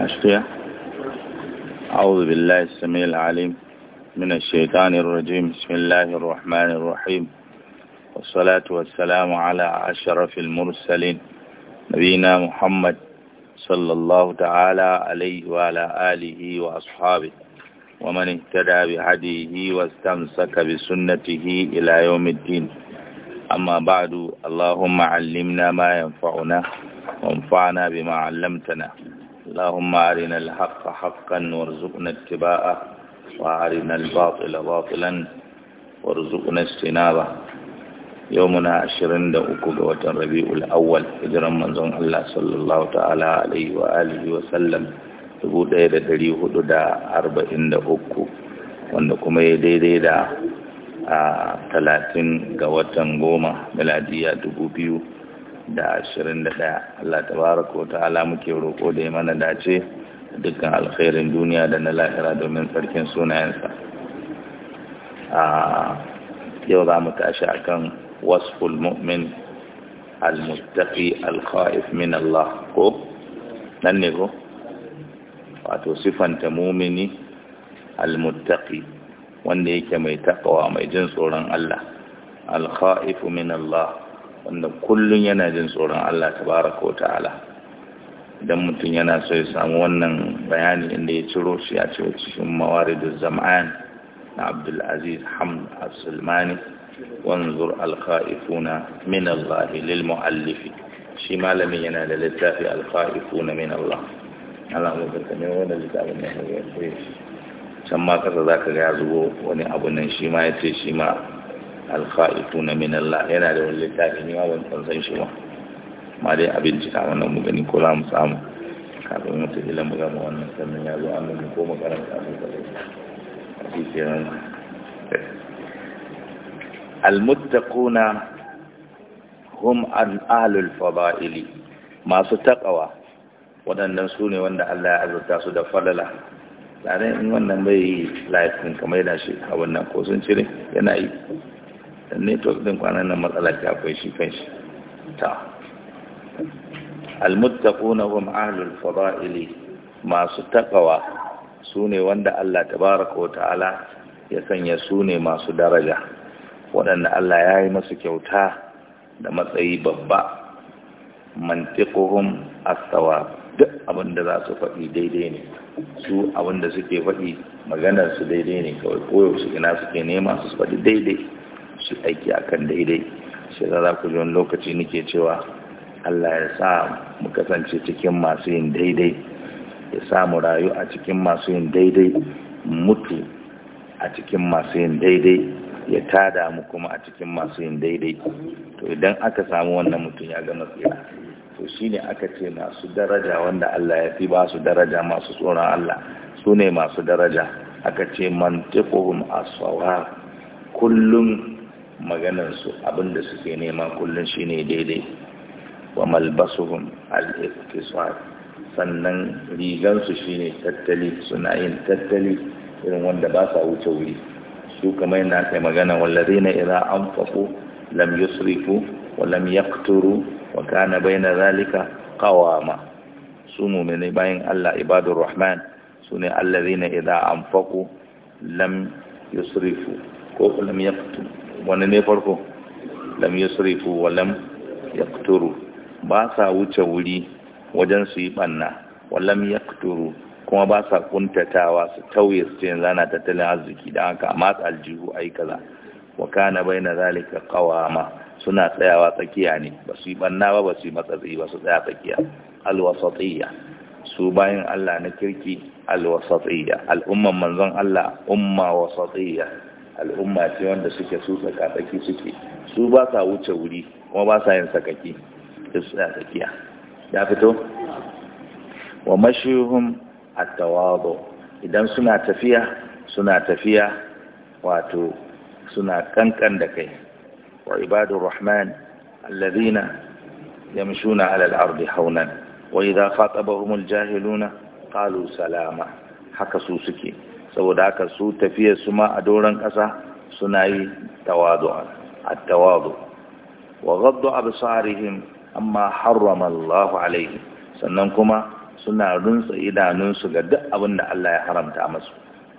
أشقية أعوذ بالله السميع العليم من الشيطان الرجيم بسم الله الرحمن الرحيم والصلاة والسلام على أشرف المرسلين نبينا محمد صلى الله تعالى عليه وعلى آله وأصحابه ومن اهتدى بهديه واستمسك بسنته إلى يوم الدين أما بعد اللهم علمنا ما ينفعنا وانفعنا بما علمتنا اللهم أرنا الحق حقا وارزقنا اتباعه وأرنا الباطل باطلا وارزقنا اجتنابه يومنا عشرين دقوق وتن ربيع الأول هجرا من زن الله صلى الله تعالى عليه وآله وسلم تبود إلى دريه دا أربعين دقوق وأنكم يدي دا a talatin ga watan goma miladiya dubu biyu da ashirin da ɗaya Allah tabaraka wa ta'ala muke roƙo da ya mana dace dukkan alkhairin duniya da na lahira domin sarkin sunayensa a yau za mu tashi kan wasful mu'min al-muttaqi min Allah ko nan ne ko wato sifanta mumini al wanda yake mai takawa mai jin tsoron Allah al-khaifu min Allah wanda kullum yana jin tsoron Allah tabaraka wa ta'ala idan mutum yana so ya samu wannan bayani inda ya ciro shi a cewa cikin mawaridu zama'an na abdulaziz hamd al-sulmani wanzur al min Allah lil mu'allifi shi malamin yana da littafi al min Allah Allah mu barka ne wannan littafin ne ya koyi can ma kasa zaka ga ya zubo wani abu nan shi ma ya ce shi ma alkha'ifuna min Allah yana da wani littafi ne ma ban san san shi ba ma dai a bincika wannan mu gani ko za mu samu kafin wata ila mu gama wannan sannan ya zo an mu ko mu karanta su da shi kenan almuttaquna hum an ahlul fada'ili masu taqawa waɗannan su ne wanda Allah ya azurta su da falala tare in wannan bai yi laifin kamar yana shi a wannan ko sun cire yana yi network din kwanan nan matsalar ta akwai shi kanshi ta almuttaquna hum ahlul fada'ili masu takawa sune wanda Allah tabaaraka wa ta'ala ya sanya sune masu daraja waɗanda Allah ya yi masu kyauta da matsayi babba mantiquhum as-sawab duk abinda za su faɗi daidai ne su abinda suke faɗi maganar su daidai ne kawai koyaushe ina suke nema su faɗi daidai su aiki akan daidai shi za ku ji wani lokaci nake cewa Allah ya sa mu kasance cikin masu yin daidai ya sa mu rayu a cikin masu yin daidai mutu a cikin masu yin daidai ya tada mu kuma a cikin masu yin daidai to idan aka samu wannan mutum ya ga tsira to shine aka ce masu daraja wanda Allah ya fi ba su daraja masu tsoron Allah su ne masu daraja aka ce mantiquhum aswawa kullum maganansu abinda suke nema kullum shine daidai wa malbasuhum al sannan rigansu shine tattali suna yin tattali irin wanda ba sa wuce wuri su na yadda aka yi magana wallazina an anfaqu lam yusrifu wa lam yaqturu wa kana baina zalika kawama su mu'mini bayan Allah ibadun rahman sune allazina an anfaqu lam yusrifu ko lam yaqturu wani ne farko lam yusrifu wa lam yaqturu ba sa wuce wuri wajen su yi banna wa lam yaqturu kuma ba sa kuntatawa su tauye su ce zana tattalin arziki Dan haka a aljihu ayi kaza wa kana baina zalika qawama suna tsayawa tsakiya ne ba su yi banna ba ba su yi matsatsi ba su tsaya tsakiya alwasatiyya su bayan Allah na kirki alwasatiyya al'umman manzon Allah umma wasatiyya al'umma ce wanda suke su tsakatsaki suke su ba sa wuce wuri kuma ba sa yin sakaki da su tsakiya ya fito wa mashuhum at idan suna tafiya suna tafiya wato suna kankan da kai wa ibadur rahman alladhina yamshuna 'ala al-ardi hawnan wa idha khatabahum al-jahiluna qalu salama haka su suke saboda haka su tafiya su ma a doron ƙasa suna yi tawadu'a a tawadu wa ghaddu absarihim amma harrama Allahu alaihi sannan kuma suna runtsa idanunsu ga duk abin da Allah ya haramta masu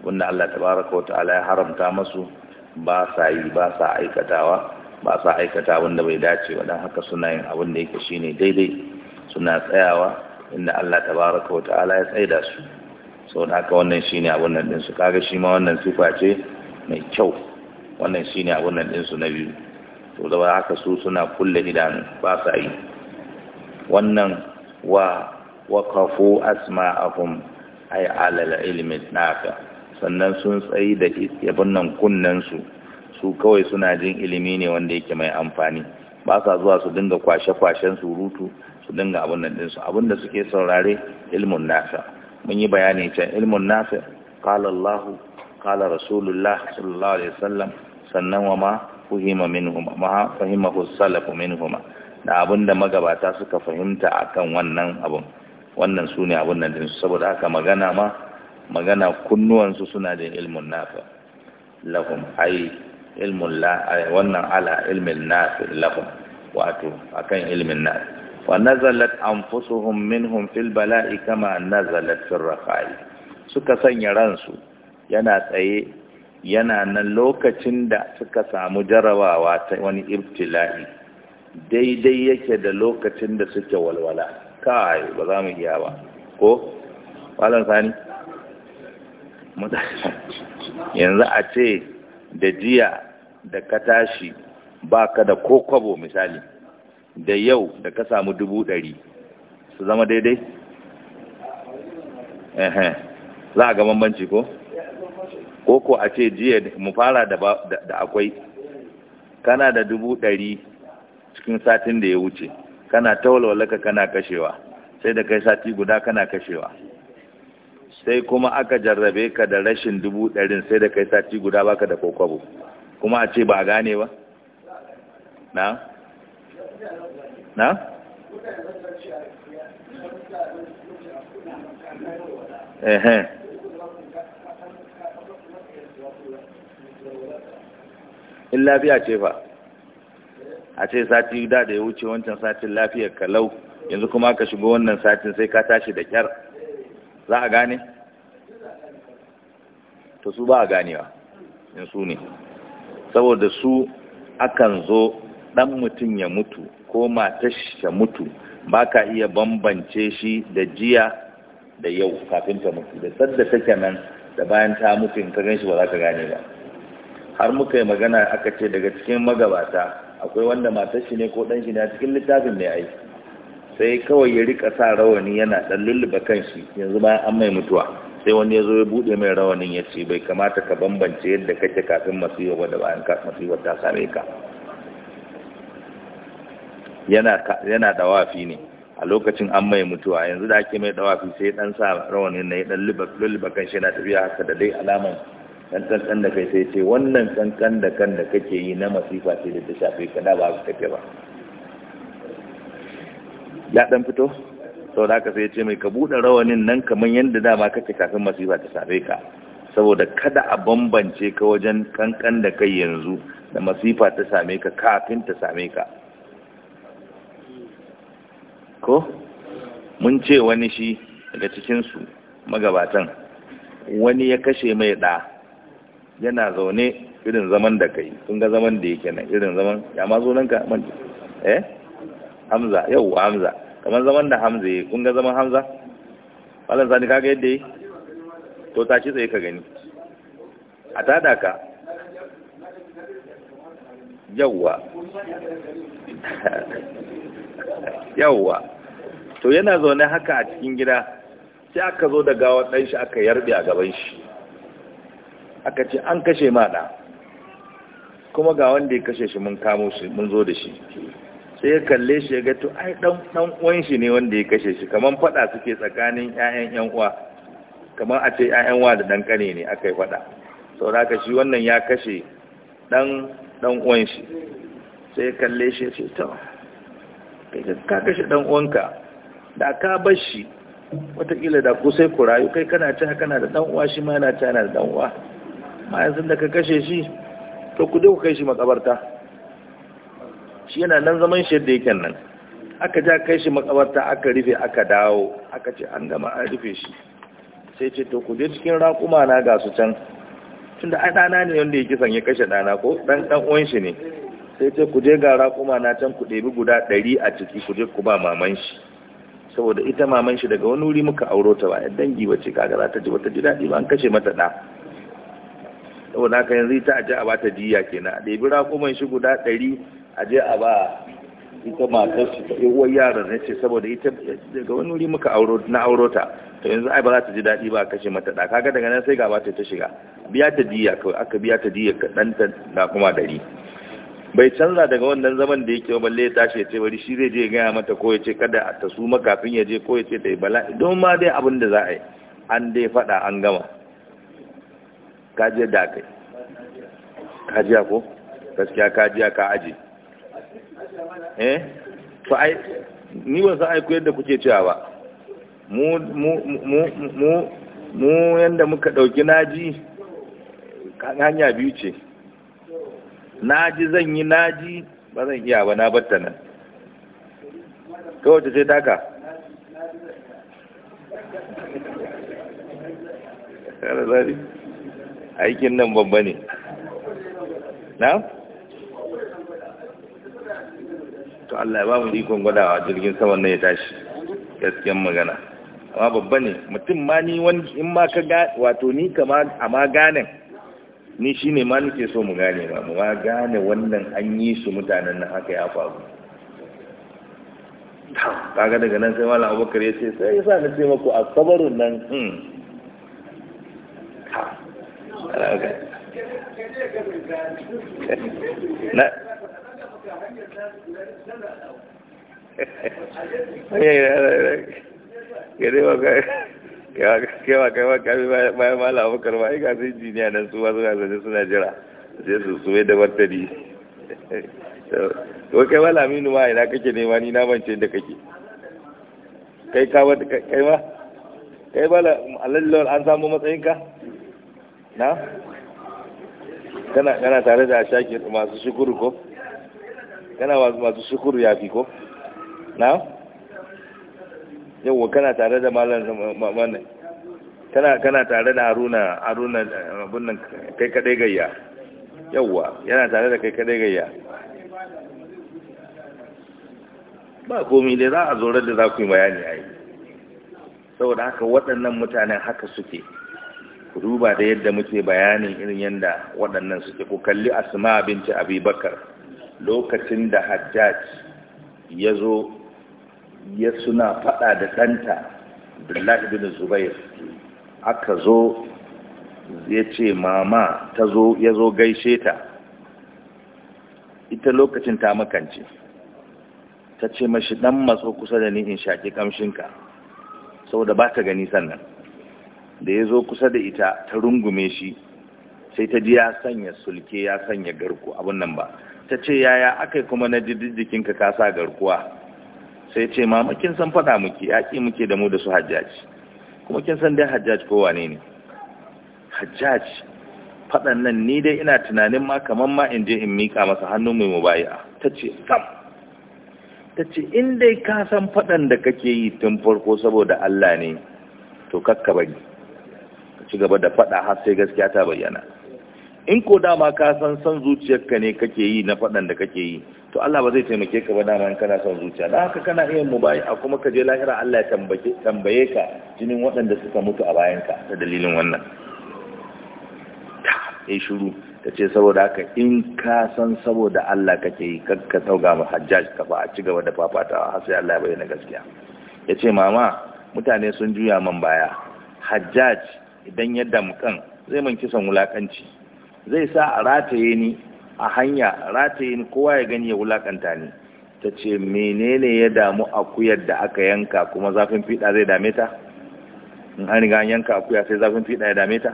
wanda Allah tabaraka wa ta'ala ya haramta masu ba sa yi ba sa aikatawa ba sa aikata wanda bai dace ba dan haka suna yin abin da yake shine daidai suna tsayawa inda Allah tabaraka wa ta'ala ya tsaida su sau da haka wannan shine abun nan ɗinsu kaga shi ma wannan sifa ce mai kyau wannan shine abun nan ɗinsu na biyu to da haka su suna kulle idanu ba sa yi wannan wa waqafu asma'ahum ay alal ilmi naka sannan sun tsayi da yabon nan kunnen su su kawai suna jin ilimi ne wanda yake mai amfani ba sa zuwa su dinga kwashe-kwashen surutu su dinga abun nan ɗinsu abinda suke saurare ilmun nasa. mun yi bayani can ilmun nafi qala Allah qala Rasulullah sallallahu alaihi wasallam sannan wa ma fahima minhum ma fahimahu salaf minhum da abinda magabata suka fahimta akan wannan abun wannan sune abun nan din saboda haka magana ma magana kunnuwansu suna da ilmun nafi lahum ai ilmun la wannan ala ilmin nafi lahum wato akan ilmin nafi ونزلت أنفسهم منهم في البلاء كما نزلت في الرخاء suka sanya ransu yana tsaye yana nan lokacin da suka samu jarabawa ta wani ibtila'i daidai yake da lokacin da suke walwala kai ba za mu iya ba ko walon sani yanzu a ce da jiya da ka tashi ba ka da ko kwabo misali da yau da ka samu dubu ɗari su zama daidai? ehe za a ga bambanci ko? ko ko a ce jiya mu fara da akwai kana da dubu ɗari cikin satin da ya wuce kana ka kana kashewa sai da kai sati guda kana kashewa sai kuma aka jarrabe ka da rashin dubu ɗarin sai da kai sati guda baka da kokwabo kuma a ce ba a gane ba? na? na? in lafiya ce fa a ce sati da da ya wuce wancan satin lafiyar kalau yanzu kuma ka shigo wannan satin sai ka tashi da kyar za a gane? to su ba a ganewa in su ne saboda su akan zo ɗan mutum ya mutu ko matar ya mutu ba ka iya bambance shi da jiya da yau kafin ta mutu da sadda take nan da bayan ta mutu in ka gan ba za ka gane ba har muka yi magana aka ce daga cikin magabata akwai wanda matar shi ne ko ɗan shi ne a cikin littafin mai aiki sai kawai ya rika sa rawani yana ɗan lulluɓe kan shi yanzu bayan an mai mutuwa sai wani ya zo ya bude mai rawanin ya ce bai kamata ka bambance yadda kake kafin masu yau da bayan masiwa ta same ka yana da wafi ne a lokacin an mai mutuwa yanzu da ake mai dawafi sai dan sa rawanin na ya dan lulluba kan shi yana tafiya haka da dai alaman dan kankan da kai sai ce wannan kankan da kan da kake yi na masifa sai da ta shafe ka da ba su tafiya ba ya dan fito sau da aka sai ce mai ka buɗe rawanin nan kamar yadda dama kake kafin masifa ta shafe ka saboda kada a bambance ka wajen kankan da kai yanzu da masifa ta same ka kafin ta same ka ko mun ce wani shi daga cikinsu magabatan wani ya kashe mai ɗa yana zaune irin zaman da kai kun ga zaman da yake nan irin zaman ya ma zo nan ka man eh hamza yau hamza kamar zaman da hamza yi kun ga zaman hamza malam sani kaga yadda yi to tashi tsaye ka gani a tada ka yawwa yawwa to yana zaune haka a cikin gida sai aka zo da gawar ɗan shi aka yarbe a gaban shi aka ce an kashe ɗa, kuma ga wanda ya kashe shi mun kamo shi mun zo da shi sai ya kalle shi ya gato ai ɗan uwan shi ne wanda ya kashe shi kamar faɗa suke tsakanin 'ya'yan 'yan uwa kamar a ce 'ya'yan uwa da ɗan ƙane ne aka yi faɗa sau da shi wannan ya kashe ɗan ɗan uwan shi sai ya kalle shi ya ce ta ka kashe dan uwanka da ka bar shi wataƙila da ku sai ku rayu kai kana ta kana da dan uwa shi ma yana ci yana da dan uwa ma yanzu da ka kashe shi to ku je ku kai shi makabarta shi yana nan zaman shi yadda yake nan aka ja kai shi makabarta aka rufe aka dawo aka ce an gama an rufe shi sai ce to ku je cikin raƙuma na ga su can tunda ai ɗana ne wanda yake son ya kashe ɗana ko ɗan dan uwan shi ne sai ce ku je gara kuma na can ku ɗebi guda ɗari a ciki ku je ku ba maman shi saboda ita maman shi daga wani wuri muka auro ta bayan dangi wacce ka kaga za ta ji wata ji daɗi ba an kashe mata ɗa saboda haka yanzu ita a je a bata jiya kenan a ɗebi raƙuman shi guda ɗari a je a ba ita matar shi ta uwar yaran ne ce saboda ita daga wani wuri muka auro na auro ta to yanzu ai ba za ta ji daɗi ba a kashe mata ɗa kaga daga nan sai gaba ta ta shiga biya ta jiya kawai aka biya ta jiya kaɗan ta na kuma ɗari bai canza daga wannan zaman da yake balle ya tashi ya ce bari shi zai je gaya mata ko ya ce kada ta suma kafin ya je ko ya ce ta yi bala'i don ma dai abin da za a yi an dai faɗa an gama kajiyar da kai kajiya ko gaskiya kajiya ka aji eh to ai ni a yi aiko yadda kuke cewa ba mu mu mu mu mu yanda muka dauki naji hanya biyu ce naji zan yi naji ba zan iya ba na batta nan kawai ce taka kare zari aikin nan babba ne na? to Allah ya ba mu ikon gwadawa jirgin saman nan ya tashi gaskiyan magana amma babba ne mutum ma ni wani in ma ka ga wato ni kama a ma ganin ni shi ne ma nake so mu gane ma mu gane wannan an yi su mutanen na haka ya faru kaga daga nan sai malam abubakar ya ce sai yasa na ce mako a sabarun nan hmm na ya ya ya ya kewa kai ba kami bayan mala abokar ba aika sai jiniya nan su masu gasaje suna jira sai su su suwe da martani to kai mala aminu ma ina kake nema ni na bance da kake kai ka wata kai ma kai mala alallawar an samu matsayinka na kana kana tare da ashaki masu shukuru ko kana masu shukuru ya fi ko na yau kana tare da malar malam kana kana tare da haruna haruna abun nan kai kadai gayya yawwa yana tare da kai kadai gayya ba komi dai za a zorar da za ku yi bayani a yi saboda haka waɗannan mutanen haka suke ku duba da yadda muke bayanin irin yadda waɗannan suke ku kalli asma abinci abubakar lokacin da hajjaj ya zo ya suna faɗa da ɗanta abdullahi bin zubair aka zo ya ce mama ta zo ya zo gaishe ta ita lokacin ta makance ta ce mashi dan matso kusa da ni in shaƙi kamshinka saboda ba ta gani sannan da ya zo kusa da ita ta rungume shi sai ta ji ya sanya sulke ya sanya garku abin nan ba ta ce yaya aka kuma na ji jikinka ka sa garkuwa sai ce mama kin san faɗa muke yaƙi muke da mu da su hajjaji kuma kin san dai hajjaji ko wane ne hajjaji faɗan nan ni dai ina tunanin ma kamar ma in je in mika masa hannu mai mubaya ta ce sam in dai ka san faɗan da kake yi tun farko saboda Allah ne to kakka bari ci gaba da faɗa har sai gaskiya ta bayyana in ko dama ka san san zuciyarka ne kake yi na faɗan da kake yi to Allah ba zai taimake ka ba dama in kana son zuciya da haka kana iya a kuma ka je lahira Allah ya tambaye ka jinin waɗanda suka mutu a bayan ka ta dalilin wannan ya shiru ta ce saboda haka in ka san saboda Allah kake yi ka tauga mu hajjaj ka ba a ci gaba da fafatawa har sai Allah ya bayyana gaskiya yace mama mutane sun juya man baya hajjaj idan ya damkan zai man kisan wulakanci zai sa a rataye ni a hanya rataye ni kowa ya gani ya wulakanta ni ta ce menene ya damu akuyar da aka yanka kuma zafin fiɗa zai dame ta in an riga yanka akuya sai zafin fiɗa ya dame ta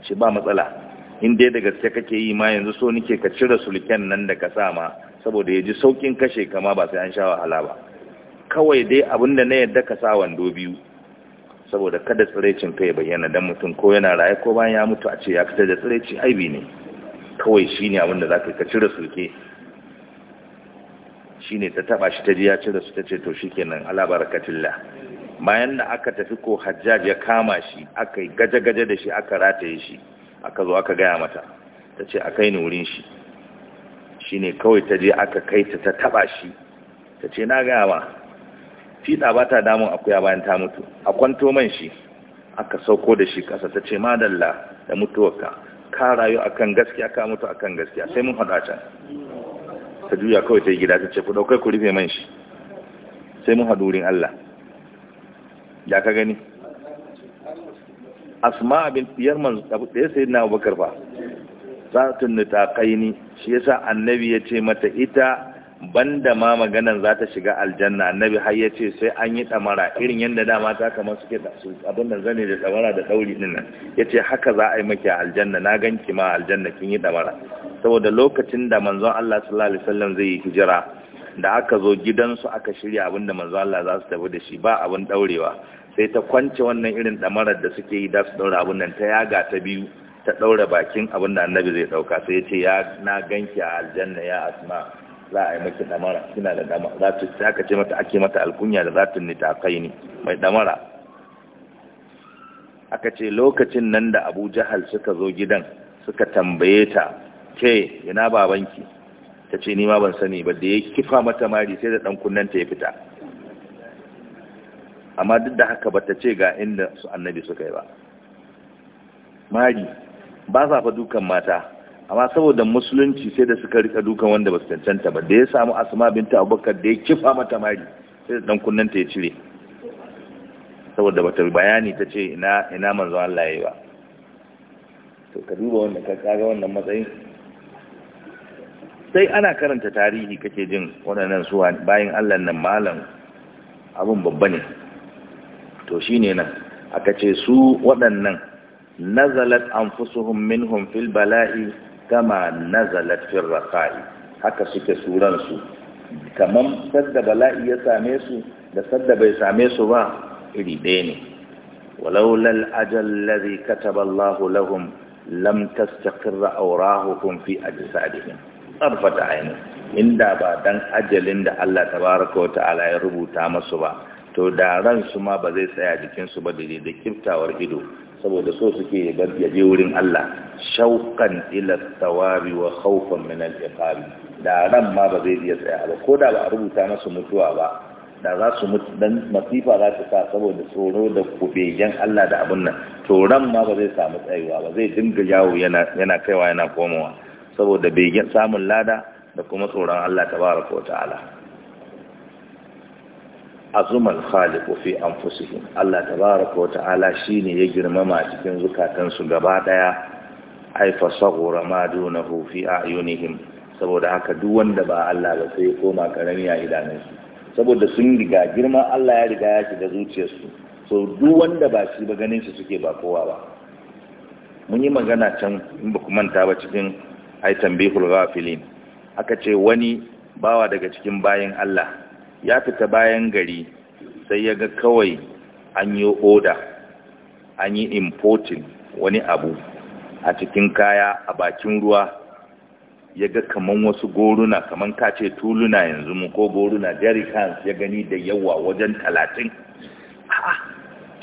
Shi ba matsala in dai da gaske kake yi ma yanzu so nike ka cire sulken nan da ka sa ma saboda ya ji saukin kashe kama ba sai an sha wahala ba kawai dai abin da na yadda ka sa wando biyu saboda kada tsiraicin ya bayyana dan mutum ko yana raye ko bayan ya mutu a ce ya fitar da tsireci aibi ne kawai shi ne abinda za ka cire Shi ne ta taba shi ta ji ya cire su ta ce to shi nan, ala katilla bayan da aka tafi ko hajjaj ya kama shi aka yi gaje-gaje da shi aka rataye shi aka zo aka gaya mata ta ce a kai ni wurin shi shi ne kawai ta je aka kai ta ta taba shi ta ce na gaya ma fiɗa ba ta damun akuya bayan ta mutu a kwanto man shi aka sauko da shi ƙasa ta ce madalla da mutuwarka ka rayu a kan gaskiya ka mutu a kan gaskiya sai mun haɗa can ta juya kawai ta yi gida ta ce ku ɗaukai ku rufe man shi sai mun haɗu wurin Allah ya ka gani asma abin diyar man abu ɗaya sai na abubakar za ta nuta kaini shi yasa annabi ya ce mata ita banda ma maganan za ta shiga aljanna annabi har ya ce sai an yi ɗamara irin yadda dama ta kamar suke abin da zane da ɗamara da ɗauri ɗin nan ya ce haka za a yi maki a aljanna na ganki ma aljanna kin yi ɗamara saboda lokacin da manzon Allah sallallahu alaihi wasallam zai yi hijira da aka zo gidansu aka shirya abin da manzon Allah za su tafi da shi ba abin ɗaurewa sai ta kwance wannan irin tsamarar da suke yi da su ɗaura abin nan ta yaga ta biyu ta ɗaura bakin abin da annabi zai ɗauka sai ya ce ya na ki a aljanna ya asma za a yi maki damara kina da damara za ta ce mata ake mata alkunya da zatun kai ne mai damara aka ce lokacin nan da Abu Jahal suka zo gidan suka tambaye ta ke yana babanki ta ce ni ban sani ba da ya kifa mata mari sai da dan ta ya fita amma duk da haka ba ta ce ga inda su annabi suka yi ba mari ba za fa dukan mata amma saboda musulunci sai da suka rika dukan wanda ba su cancanta ba da ya samu asma binta abubakar da ya kifa mata mari sai da dan ya cire saboda bata bayani ta ce ina ina manzo Allah yayi ba to ka duba wannan ka kaga wannan matsayin sai ana karanta tarihi kake jin waɗannan suwa bayan Allah nan malam abun babba ne to shine nan aka ce su waɗannan nazalat anfusuhum minhum fil bala'i kama nazalat fil raqa'i haka suke suran su kaman sadda bala'i ya same su da sadda bai same su ba iri ɗaya ne walaula al-ajal ladhi kataba Allahu lahum lam tastaqirra awrahukum fi ajsadihim tsarfata aini inda ba dan ajalin da Allah Ta wa ta'ala ya rubuta masu ba to da ran su ma ba zai tsaya jikin su ba da kiftawar ido saboda so suke ya je wurin Allah shaukan ila tawabi wa khawfan min al da ran ma ba zai iya tsaya ba ko da ba a rubuta masu mutuwa ba da za su mutu dan masifa za su sa saboda tsoro da kubegen Allah da abun nan to ran ma ba zai samu tsayuwa ba zai dinga yawo yana yana kaiwa yana komowa saboda begen samun lada da kuma tsoron Allah tabaraka wa ta'ala azumal khaliqu fi anfusihim Allah tabaaraka wa ta'ala shine ya girmama cikin zukatansu gaba daya ai fa saghura ma dunahu fi ayunihim saboda haka duk wanda ba Allah ba sai ya koma karami a idanunsu saboda sun riga girman Allah ya riga ya shiga zuciyarsu so duk wanda ba shi ba ganin shi suke ba kowa ba mun yi magana can in ba ku manta ba cikin ai tambihul ghafilin aka ce wani bawa daga cikin bayin Allah ya fita bayan gari sai ya ga kawai an yi oda an yi importin wani abu a cikin kaya a bakin ruwa ya ga kaman wasu goruna kaman kace tuluna yanzu mu ko goruna jerrycans ya gani da yawa wajen talatin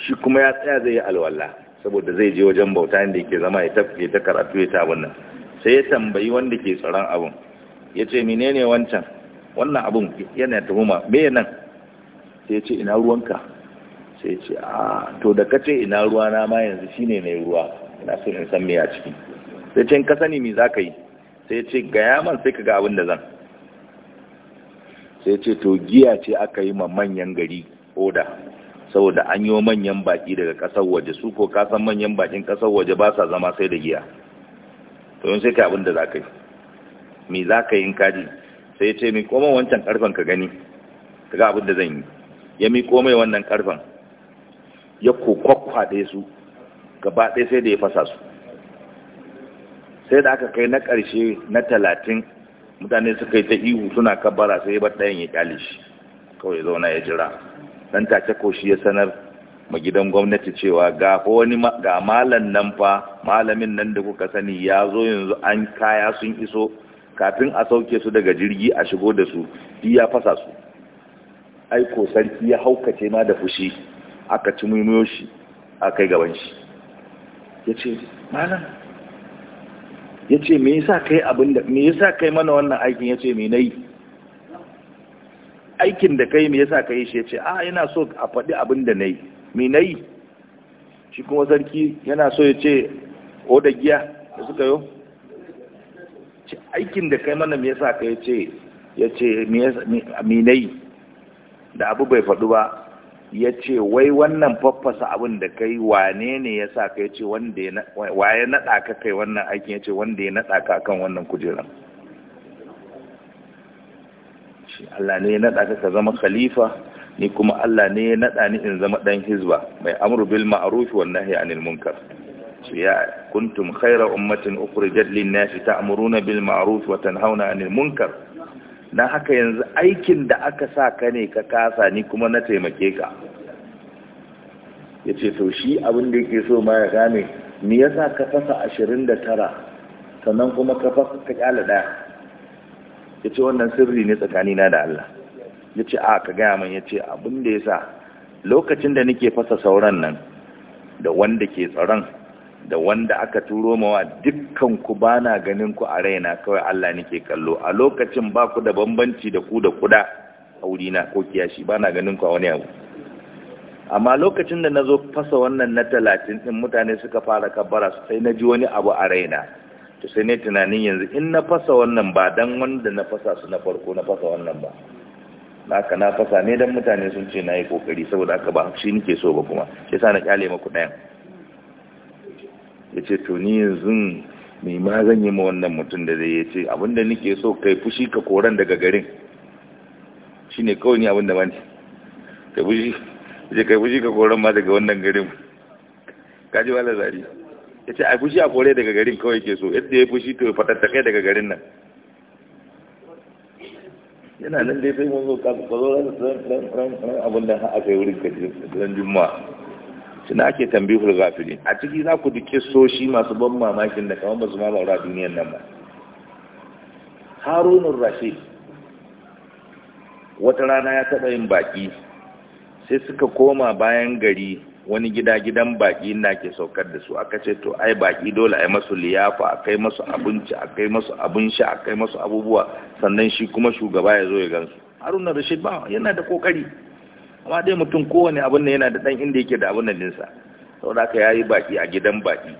shi kuma ya tsaya zai yi alwala saboda zai je wajen bauta inda yake zama ya tafi ta karatu ya ta wannan sai ya tambayi wanda ke tsaron abun ya ce menene wancan wannan abun yana tuhuma me nan sai ce ina ruwanka sai ce a to da kace ina ruwa na ma yanzu shine mai ruwa ina so in san me a ciki sai ce ka sani me zaka yi sai ce ga yaman sai ka ga abin da zan sai ce to giya ce aka yi ma manyan gari oda saboda an yi manyan baki daga kasar waje su ko kasan manyan bakin kasar waje ba sa zama sai da giya to yin sai ka abin da za ka yi me za ka yi in kaji sai ya ce mi koma wancan karfan ka gani ka ga abin da zan yi ya mi komai wannan karfan ya ɗaya su gaba ɗaya sai da ya fasa su sai da aka kai na ƙarshe na talatin mutane suka yi ta ihu suna kabbara sai ya bar ɗayan ya ƙyale shi kawai zauna ya jira dan take ko shi ya sanar ma gidan gwamnati cewa ga wani ga malam nan fa malamin nan da kuka sani ya zo yanzu an kaya sun iso kafin a sauke su daga jirgi a shigo da su duk ya fasa su aiko sarki ya haukace ma da fushi aka ci mumiyo shi a kai gaban shi ya ce malam ya ce me yasa kai abin da me yasa kai mana wannan aikin ya ce me na yi aikin da kai me yasa kai shi ya ce a yana so a faɗi abin da na yi me na yi shi kuma sarki yana so ya ce o da giya da suka yi aikin da kai mana me yasa kai ce yace me aminai da abu bai faɗu ba ya ce wai wannan faffasa abin da kai wane ne kai yace wanda ya waye naɗa ka kai wannan aikin ya ce wanda ya nada ka kan wannan kujeran shi Allah ne ya nada ka ka zama khalifa ni kuma Allah ne ya naɗa ni in zama ɗan hizba mai amru bil ma'ruf wan nahyi anil munkar ya kuntum khaira ummatin ukhrijat lin-nasi ta'muruna bil ma'ruf wa tanhauna 'anil munkar Na haka yanzu aikin da aka sa ka ne ka kasa ni kuma na taimake ka yace to shi abin da yake so ma ya gane me yasa ka fasa 29 sannan kuma ka fasa ka kyala daya yace wannan sirri ne tsakanina da Allah yace a ka ga min yace abin da yasa lokacin da nake fasa sauran nan da wanda ke tsaron da wanda aka turo mawa dukkan ku bana ganin ku a raina kawai Allah nake kallo a lokacin ba ku da bambanci da ku da kuda aurina ko kiyashi bana ganin ku a wani abu amma lokacin da nazo fasa wannan na talatin din mutane suka fara kabbara sai na ji wani abu a raina to sai ne tunanin yanzu in na fasa wannan ba dan wanda na fasa su na farko na fasa wannan ba haka na fasa ne dan mutane sun ce nayi kokari saboda haka ba shi nake so ba kuma shi sa na kyale maku dayan ya ce to ni yanzu mai ma zan yi ma wannan mutum da zai ya ce abinda nike so kai fushi ka koran daga garin shi ne kawai ni abinda ne kai fushi ya kai fushi ka koran ma daga wannan garin kaji ba zari ya ce a fushi a kore daga garin kawai ke so yadda ya fushi to ya fatattakai daga garin nan yana nan dai sai mun zo ka zo ran abin da aka yi wurin ran juma'a tuna ake tambihul gafili a ciki za ku duke soshi masu ban mamakin da kamar basu ma maura duniyan nan ba harunun rashid wata rana ya taɓa yin baƙi sai suka koma bayan gari wani gida gidan baƙi na ke saukar da su aka ce to ai baƙi dole ai masu liyafa a kai masu abinci a kai masu abin sha a kai masu abubuwa sannan shi kuma shugaba ya zo ya gansu haruna rashid ba yana da kokari amma dai mutum kowane abin da yana da ɗan inda yake da abin da ɗinsa sau da ya yi baƙi a gidan baƙi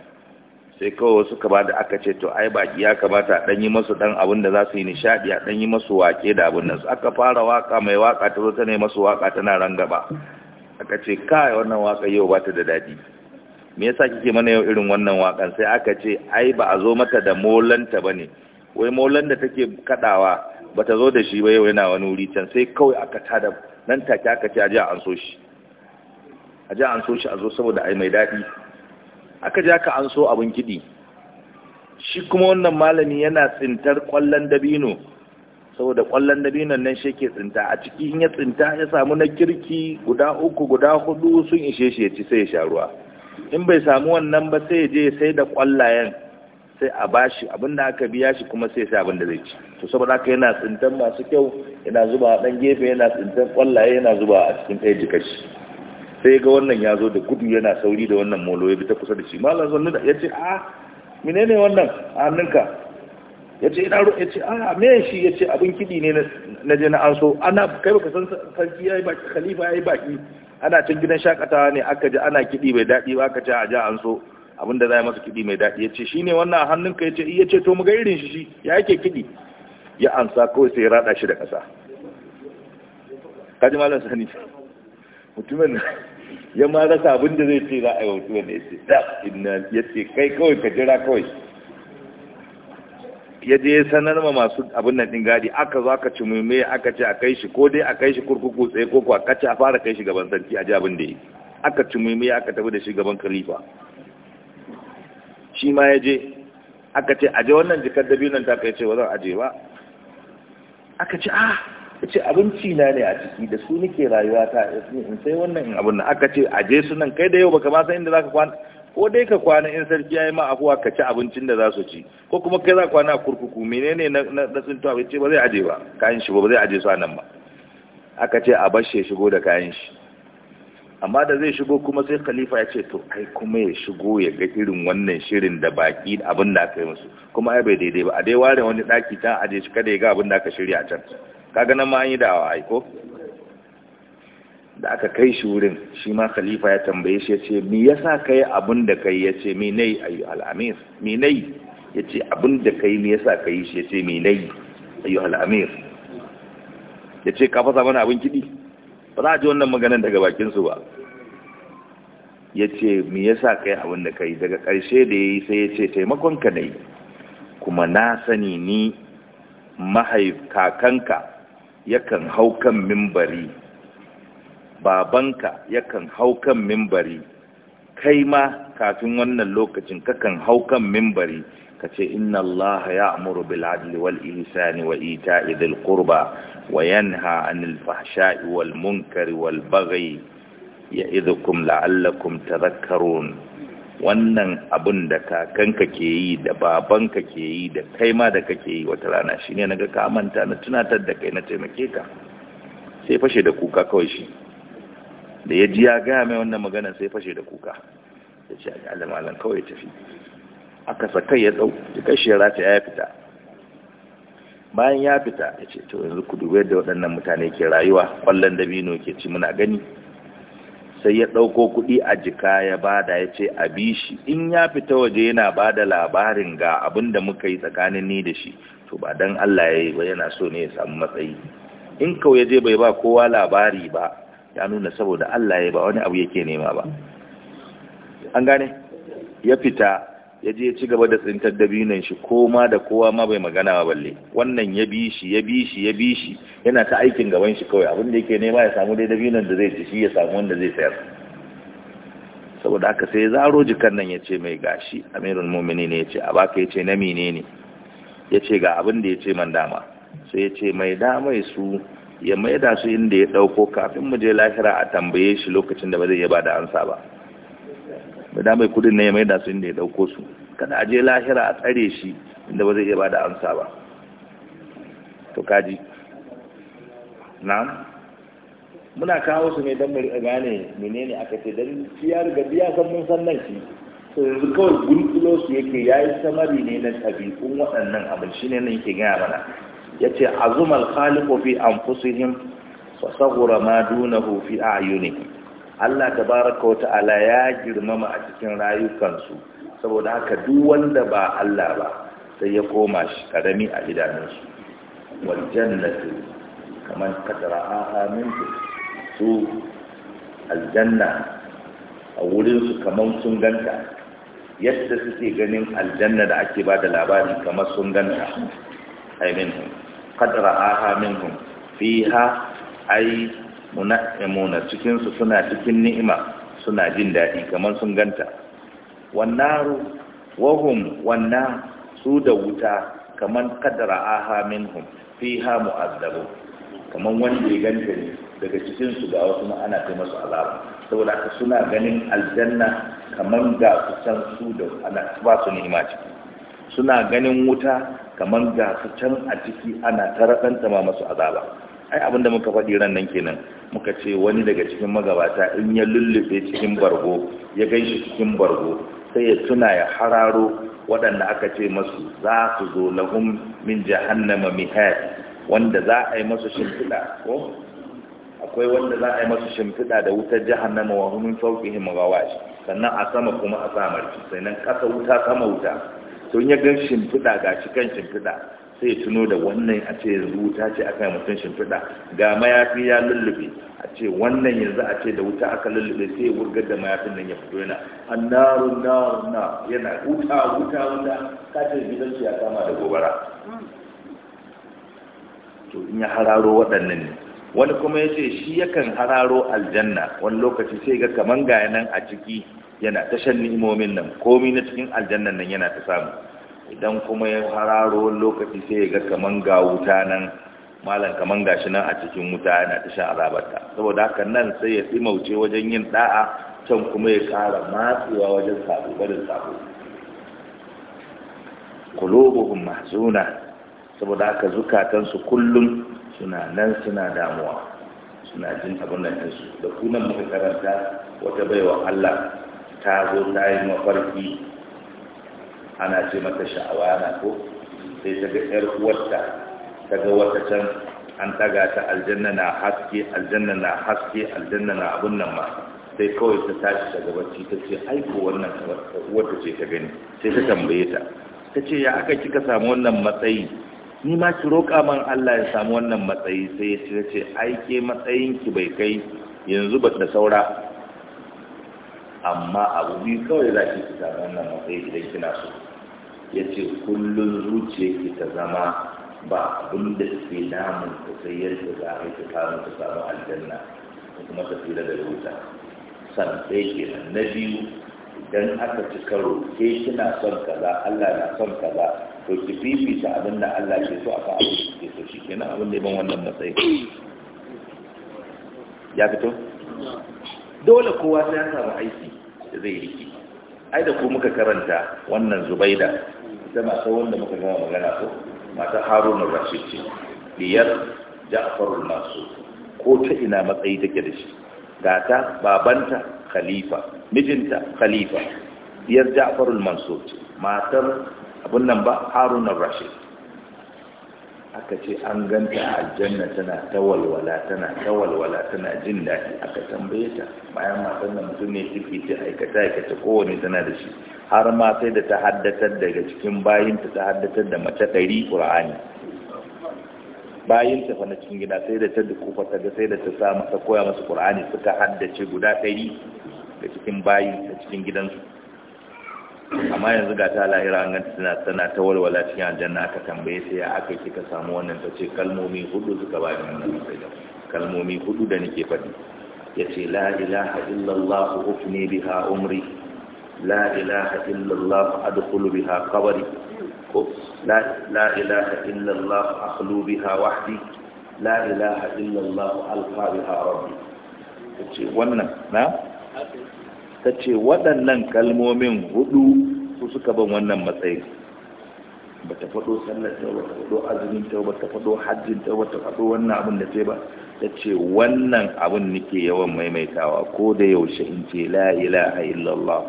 sai kawai wasu ka ba da aka ce to ai baƙi ya kamata a ɗan yi masu ɗan abin da za su yi nishaɗi a ɗan yi masu waƙe da abin nan aka fara waƙa mai waƙa ta zo ta ne masu waƙa tana rangaba aka ce kai wannan waƙa yau ba ta da daɗi me yasa kike mana yau irin wannan waƙan sai aka ce ai ba a zo mata da molanta ba ne wai molan da take kaɗawa ba ta zo da shi ba yau yana wani wuri can sai kawai aka tada nan take aka ce a ji a an so shi a ji an so shi a zo saboda ai mai daɗi aka ji aka an so abin kiɗi shi kuma wannan malami yana tsintar ƙwallon dabino saboda ƙwallon dabinon nan shi ke tsinta a ciki in ya tsinta ya samu na kirki guda uku guda hudu sun ishe shi ya ci sai ya sha ruwa in bai samu wannan ba sai ya je ya sai da ƙwallayen sai a bashi abin da aka biya shi kuma sai sai abin da zai ci to saboda haka yana tsintan masu kyau yana zuba dan gefe yana tsintan kwallaye yana zuba a cikin ɗaya jikar shi sai ga wannan ya zo da gudu yana sauri da wannan molo ya bi ta kusa da shi malam zan da ya ce a ah, menene wannan a hannunka ya ce ina ya ce a ah, me shi ya ce abin kiɗi ne na je na anso? ana kai baka san sarki ya yi baki khalifa ya yi baki ana cin gidan shakatawa ne aka ji ana kiɗi bai daɗi ba aka ce a ja an so abinda za a masa kiɗi mai daɗi ya ce shi ne wannan hannunka ya ce iya ce to muga irin shi shi ya yake kiɗi ya ansa kawai sai ya raɗa shi da ƙasa kaji malam sani mutumin ya ma rasa abinda zai ce za a yi wa mutumin ya ce da inna ya ce kai kawai ka jira kawai ya je ya sanar ma masu abin nan ɗin gadi aka zo aka ci muhimmai aka ce a kai shi ko dai a kai shi kurkuku tsaye ko kwa kace a fara kai shi gaban sarki a ji abin da ya yi aka ci muhimmai aka tafi da shi gaban khalifa shi ma ya je aka ce aje wannan jikar nan ta ya ce wazan zan aje ba aka ce ah ce abinci na ne a ciki da su nike rayuwa ta in sai wannan in abin nan aka ce aje su nan kai da yau baka ma san inda ka kwana ko dai ka kwana in sarki ya yi ma afuwa ka ci abincin da za su ci ko kuma kai za kwana a kurkuku menene na na tsinto ce ba zai aje ba kayan shi ba zai aje su a nan ba aka ce a bashe shigo da kayan shi amma da zai shigo kuma sai khalifa ya ce to ai kuma ya shigo ya ga irin wannan shirin da baki abin da aka yi musu kuma ai bai daidai ba a dai ware wani daki ta a dai shi kada ya ga abin da aka shirya can kaga nan ma an yi dawa ai ko da aka kai shi wurin shi ma khalifa ya tambaye shi ya ce me yasa kai abin da kai ya ce me nayi ayu al-amir me nayi ya ce abin da kai me yasa kai shi ya ce me nayi ayu al-amir ya ce ka fasa mana abin kidi ba za a ji wannan maganin daga bakinsu ba ya ce mi ya sa kai abin da kai daga ƙarshe da ya yi sai ya ce taimakonka na yi kuma na sani ni kakanka yakan hau kan mimbari babanka yakan hau kan mimbari kai ma kafin wannan lokacin kakan hau kan mimbari ka ce inna Allah ya amuru bil adli wal ihsani wa ita'i dhil qurba wa yanha 'anil fahsha'i wal munkari wal baghi la'allakum tadhakkarun wannan abun da kakanka ke yi da babanka ke yi da kai ma da kake yi wata rana shine naga ka manta na tunatar da kai na taimake ka sai fashe da kuka kawai shi da ya ji ya gaya mai wannan maganar sai fashe da kuka ya ce a ga malam kawai tafi aka sakai ya dau ya shi ya rata ya fita bayan ya fita ya ce to yanzu ku dubi yadda waɗannan mutane ke rayuwa ƙwallon dabino ke ci muna gani sai ya ɗauko kuɗi a jika ya bada ya ce a bi shi in ya fita waje yana ba da labarin ga abin da muka yi tsakanin ni da shi to ba don Allah ya yi ba yana so ne ya samu matsayi in kawai je bai ba kowa labari ba ya nuna saboda Allah ya ba wani abu yake nema ba an gane ya fita ya je ci gaba da tsintar dabinan shi ko da kowa ma bai magana ba balle wannan ya bi shi ya bi shi ya bi shi yana ta aikin gaban shi kawai abin da yake nema ya samu dai dabinan da zai ci shi ya samu wanda zai sayar saboda haka sai zaro jikan nan ya ce mai gashi amirul mumini ne ya ce a baka ya ce na mine ne ya ce ga abin da ya ce man dama sai ya ce mai damai su ya maida su inda ya dauko kafin mu je lahira a tambaye shi lokacin da ba zai yaba da ansa ba da damai kudin ne ya mai da su inda ya dauko su kada a je lahira a tsare shi inda ba zai iya bada amsa ba to kaji na muna kawo su ne don mu gane menene aka ce don ciyar ga biya san mun san nan shi to yanzu kawai gunkulo su yake yayi samari ne na tabi'un waɗannan abin shine nan yake gaya mana yace azumal khaliqu fi anfusihim wa saghura ma dunahu fi a'yunihim Allah tabaraka wata'ala ya girmama a cikin rayukansu saboda haka duk wanda ba Allah ba sai ya koma shi karami a idanunsu wal jannatu kaman qadra'aha minhu su aljanna a wurin su kaman sun ganta yadda suke ganin aljanna da ake ba da labari kamar sun ganta ai minhum qadra'aha minhum fiha ai muna'imuna cikinsu suna cikin ni'ima suna jin daɗi kamar sun ganta Wannan wahum wanna su da wuta kamar kadara aha minhum fiha mu'azzabu kamar wanda ya ganta ne daga cikinsu ga wasu ana kai masu azaba saboda ka suna ganin aljanna kamar ga su can su da ana ba su ni'ima ciki suna ganin wuta kamar ga su can a ciki ana tarakanta ma masu azaba ai abinda muka faɗi ran nan kenan muka ce wani daga cikin magabata in ya lullube cikin bargo ya ganshi cikin bargo sai ya tuna ya hararo waɗanda aka ce masu za su zo lahum min jahannama mihad wanda za a yi masu shimfiɗa ko akwai wanda za a yi masu shimfiɗa da wutar jahannama wa hum min fawqihim ghawash sannan a sama kuma a samarci sannan kasa wuta sama wuta to in ya gan shimfiɗa ga shi kan shimfiɗa sai tuno da wannan a ce yanzu wuta ce aka yi mutum shimfiɗa ga mayafi ya lullube a ce wannan yanzu a ce da wuta aka lullube sai wurgar da mayafin nan ya fito yana annarun narun na yana wuta wuta wuta kacin gidan ya kama da gobara to in ya hararo waɗannan ne wani kuma ya ce shi yakan hararo aljanna wani lokaci sai ga kaman ga nan a ciki yana ta shan ni'imomin nan komi na cikin aljannan nan yana ta samu idan kuma ya hararo lokaci sai ga kaman ga wuta nan malam kaman gashi nan a cikin wuta yana ta shan azabarta saboda haka nan sai ya tsimauce wajen yin da'a can kuma ya kara matsewa wajen sabo barin sabo kulubuhum mahzuna saboda haka zukatansu kullum suna nan suna damuwa suna jin abin da su da kunan muka karanta wata baiwa Allah ta zo ta yi mafarki ana ce mata sha'awana ko sai ta ga ƴar uwarta ta ga wata can an taga ta aljanna na haske aljanna na haske aljanna na abun nan ma sai kawai ta tashi daga bacci ta ce aiko wannan wata ce ta gani sai ta tambaye ta ta ce ya aka kika samu wannan matsayi ni ma ki roƙa man Allah ya samu wannan matsayi sai ya ce ta ce aike matsayin ki bai kai yanzu ba ta saura amma abu biyu kawai za ki samu wannan matsayi idan kina so ya ce kullum zuciyarki ta zama ba abin da ke damun ta sayar da za a ta kamun ta samu aljanna da kuma ta fi daga wuta san sai ke na biyu idan aka ci karo ke kina son kaza Allah na son kaza to ki fifita abin da Allah ke so a fa abin da ke so shi kenan abin da ban wannan matsayi ya fito dole kowa sai ya samu aiki da zai yi ai da ku muka karanta wannan zubaida ita masu wanda muka gama magana ko matar haruna rashid ce diyar ja'farul masu ko ta ina matsayi take da shi gata babanta khalifa mijinta khalifa diyar ja'farul mansur ce matar abun nan ba haruna rashid aka ce an ganta a aljanna tana tawalwala tana tawalwala tana jin daɗi aka tambaye ta bayan matan da mutum ne ciki ta aikata aikata kowane tana da shi har ma sai da ta haddatar daga cikin bayinta ta haddatar da mace ɗari ƙura'ani bayinta fa na cikin gida sai da ta dukufa ta ga sai da ta sa masa koya masa ƙura'ani suka haddace guda ɗari da cikin bayinta ta cikin gidansu amma yanzu ga ta lahira an ganta tana tana ta walwala cikin aljanna aka tambaye sai aka yi kika samu wannan ta ce kalmomi hudu suka ba da wannan kalmomi hudu da nake faɗi ya ce la ilaha illallah ufni biha umri la ilaha illallah adkhulu biha qabri ko la ilaha illallah akhlu biha wahdi la ilaha illallah alqa biha rabbi tace wannan na kalmomin hudu su suka ban wannan matsayi ba ta faɗo sallar ta faɗo azumin ta ba ta faɗo hajjin ta ba ta faɗo wannan da ba ce wannan abin nake yawan maimaitawa ko da yaushe in ce la ilaha illallah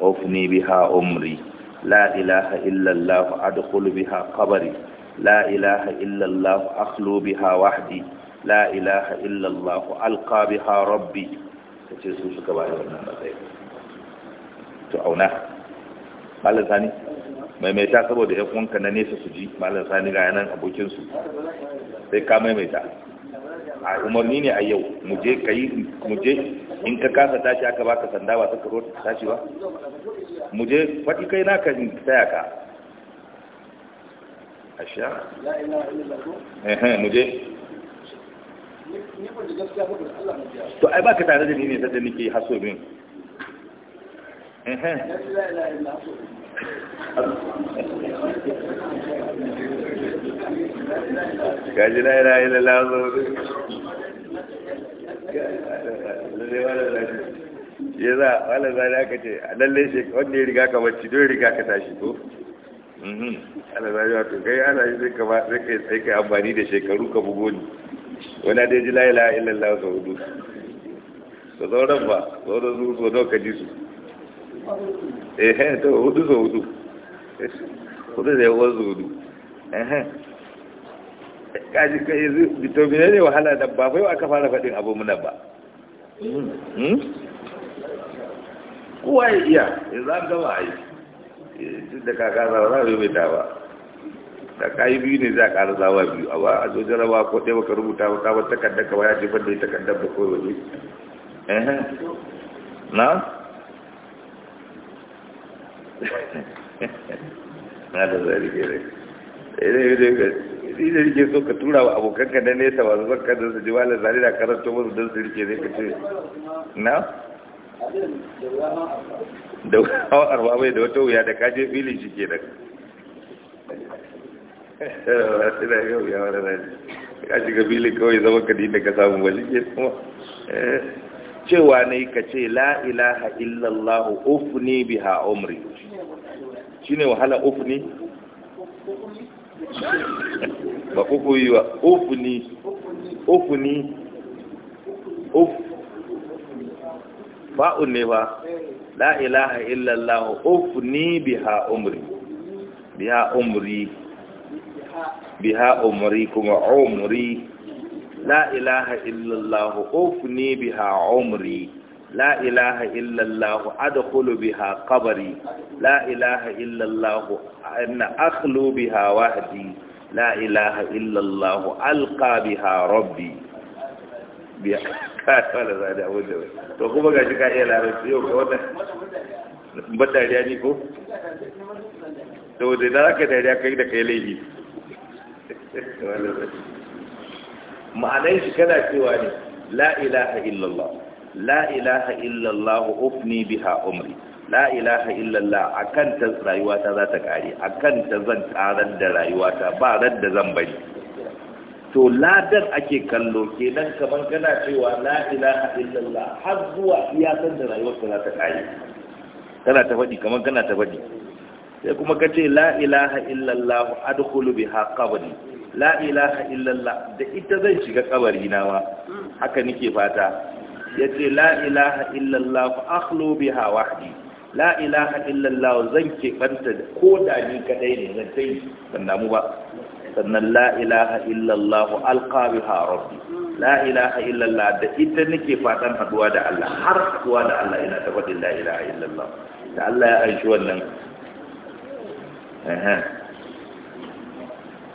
أفني بها أمري لا إله إلا الله أدخل بها قبري لا إله إلا الله أخلو بها وحدي لا إله إلا الله ألقى بها ربي kace su wannan matsayi to auna malam sani maimaita saboda ya kunka na nesa su ji malam sani ga abokinsu sai ka maimaita a umarni ne a yau mu je in ka kasa tashi aka baka sanda ba suka rota ta tashi ba mu je faɗi kai na ka taya ka ehe mu je to ai baka tare da ni da sadda nake haso min kaji la ilaha illallah ya za wala za da aka ce a lalle shi wanda ya riga ka bacci don riga ka tashi ko ala za wato kai ana yi zai kama zai kai sai kai amfani da shekaru ka bugu ne wani dai ji layi layi illallah sau hudu da sauran ba sauran su so ka ji su eh to hudu sau hudu hudu da yawon su hudu eh, eh. kaji kai yanzu to mene ne wahala da ba fa yau aka fara faɗin abu muna ba hmm? kowa ya iya ya za gama a yi eh, tun da kaka za a mai ta ba da kayi biyu ne za a ƙara zawa biyu a ba a zo jarawa ko ɗaya baka rubuta ba kamar takardar ka waya jefar da ya takardar ba kawai waje na na da zari ke rai eh, da rike so ka tura wa abokanka na nesa ba zan ka dan su ji wala zari da karanto musu dan su rike ne ka ce na da hawa arba bai da wata wuya da ka je filin shi ke da ka yau ya wani zari ka shiga filin kawai zama ka da ka samu ba shi ke kuma eh, cewa ne ka ce la ilaha illallah ufni biha umri shine wahala ufni ba uku yi ba ofuni ofuni of fa'un ne ba la ilaha illallah ofuni biha umri biha umri biha umri kuma umri la ilaha illallah ofuni biha umri لا إله إلا الله أدخل بها قبري لا إله إلا الله أن أخلو بها وحدي la ilaha illallah alqa biha rabbi bi ka tsara za da wanda wai to kuma gashi ka iya larabci yau ka wannan ban dariya ne ko to da za ka dariya kai da kai laifi ma'anai shi kana cewa ne la ilaha illallah la ilaha illallah ufni biha umri la illallah a kan ta rayuwata za ta kare a kan ta zan karar da rayuwata ba ran da zan bari to ladan ake kallo ke nan kamar kana cewa la ilaha illallah har zuwa iyakar da rayuwarka za ta kare kana ta faɗi kamar kana ta faɗi sai kuma ka ce la illallah illallah adkhulu bi qabri la ilaha illallah da ita zan shiga kabari na ma haka nake fata ya ce ilaha illallah akhlu biha wahdi la ilaha illallah zan keɓanta da ko da ni kadai ne zan ta ban damu ba sannan la ilaha illallah alqabiha rabbi la ilaha illallah da ita nake fatan haduwa da Allah har haduwa da Allah ina ta faɗin la ilaha illallah da Allah ya aishi wannan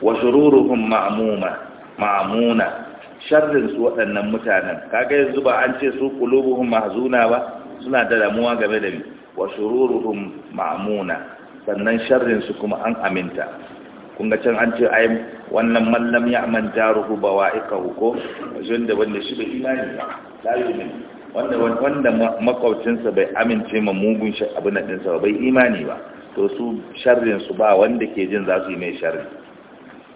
wa shururuhum ma'muma ma'muna sharrin su waɗannan mutanen kaga yanzu ba an ce su qulubuhum mahzuna ba suna da damuwa game da ni wa shururuhum ma'muna sannan sharrin su kuma an aminta kun ga can an ce ai wannan mallam ya man jaruhu bawa'iqahu ko wanda wanda shi bai imani ba la yu'min wanda wanda makaucinsa bai amince ma mugun shi abin nan sa bai imani ba to su sharrin su ba wanda ke jin za su yi mai sharri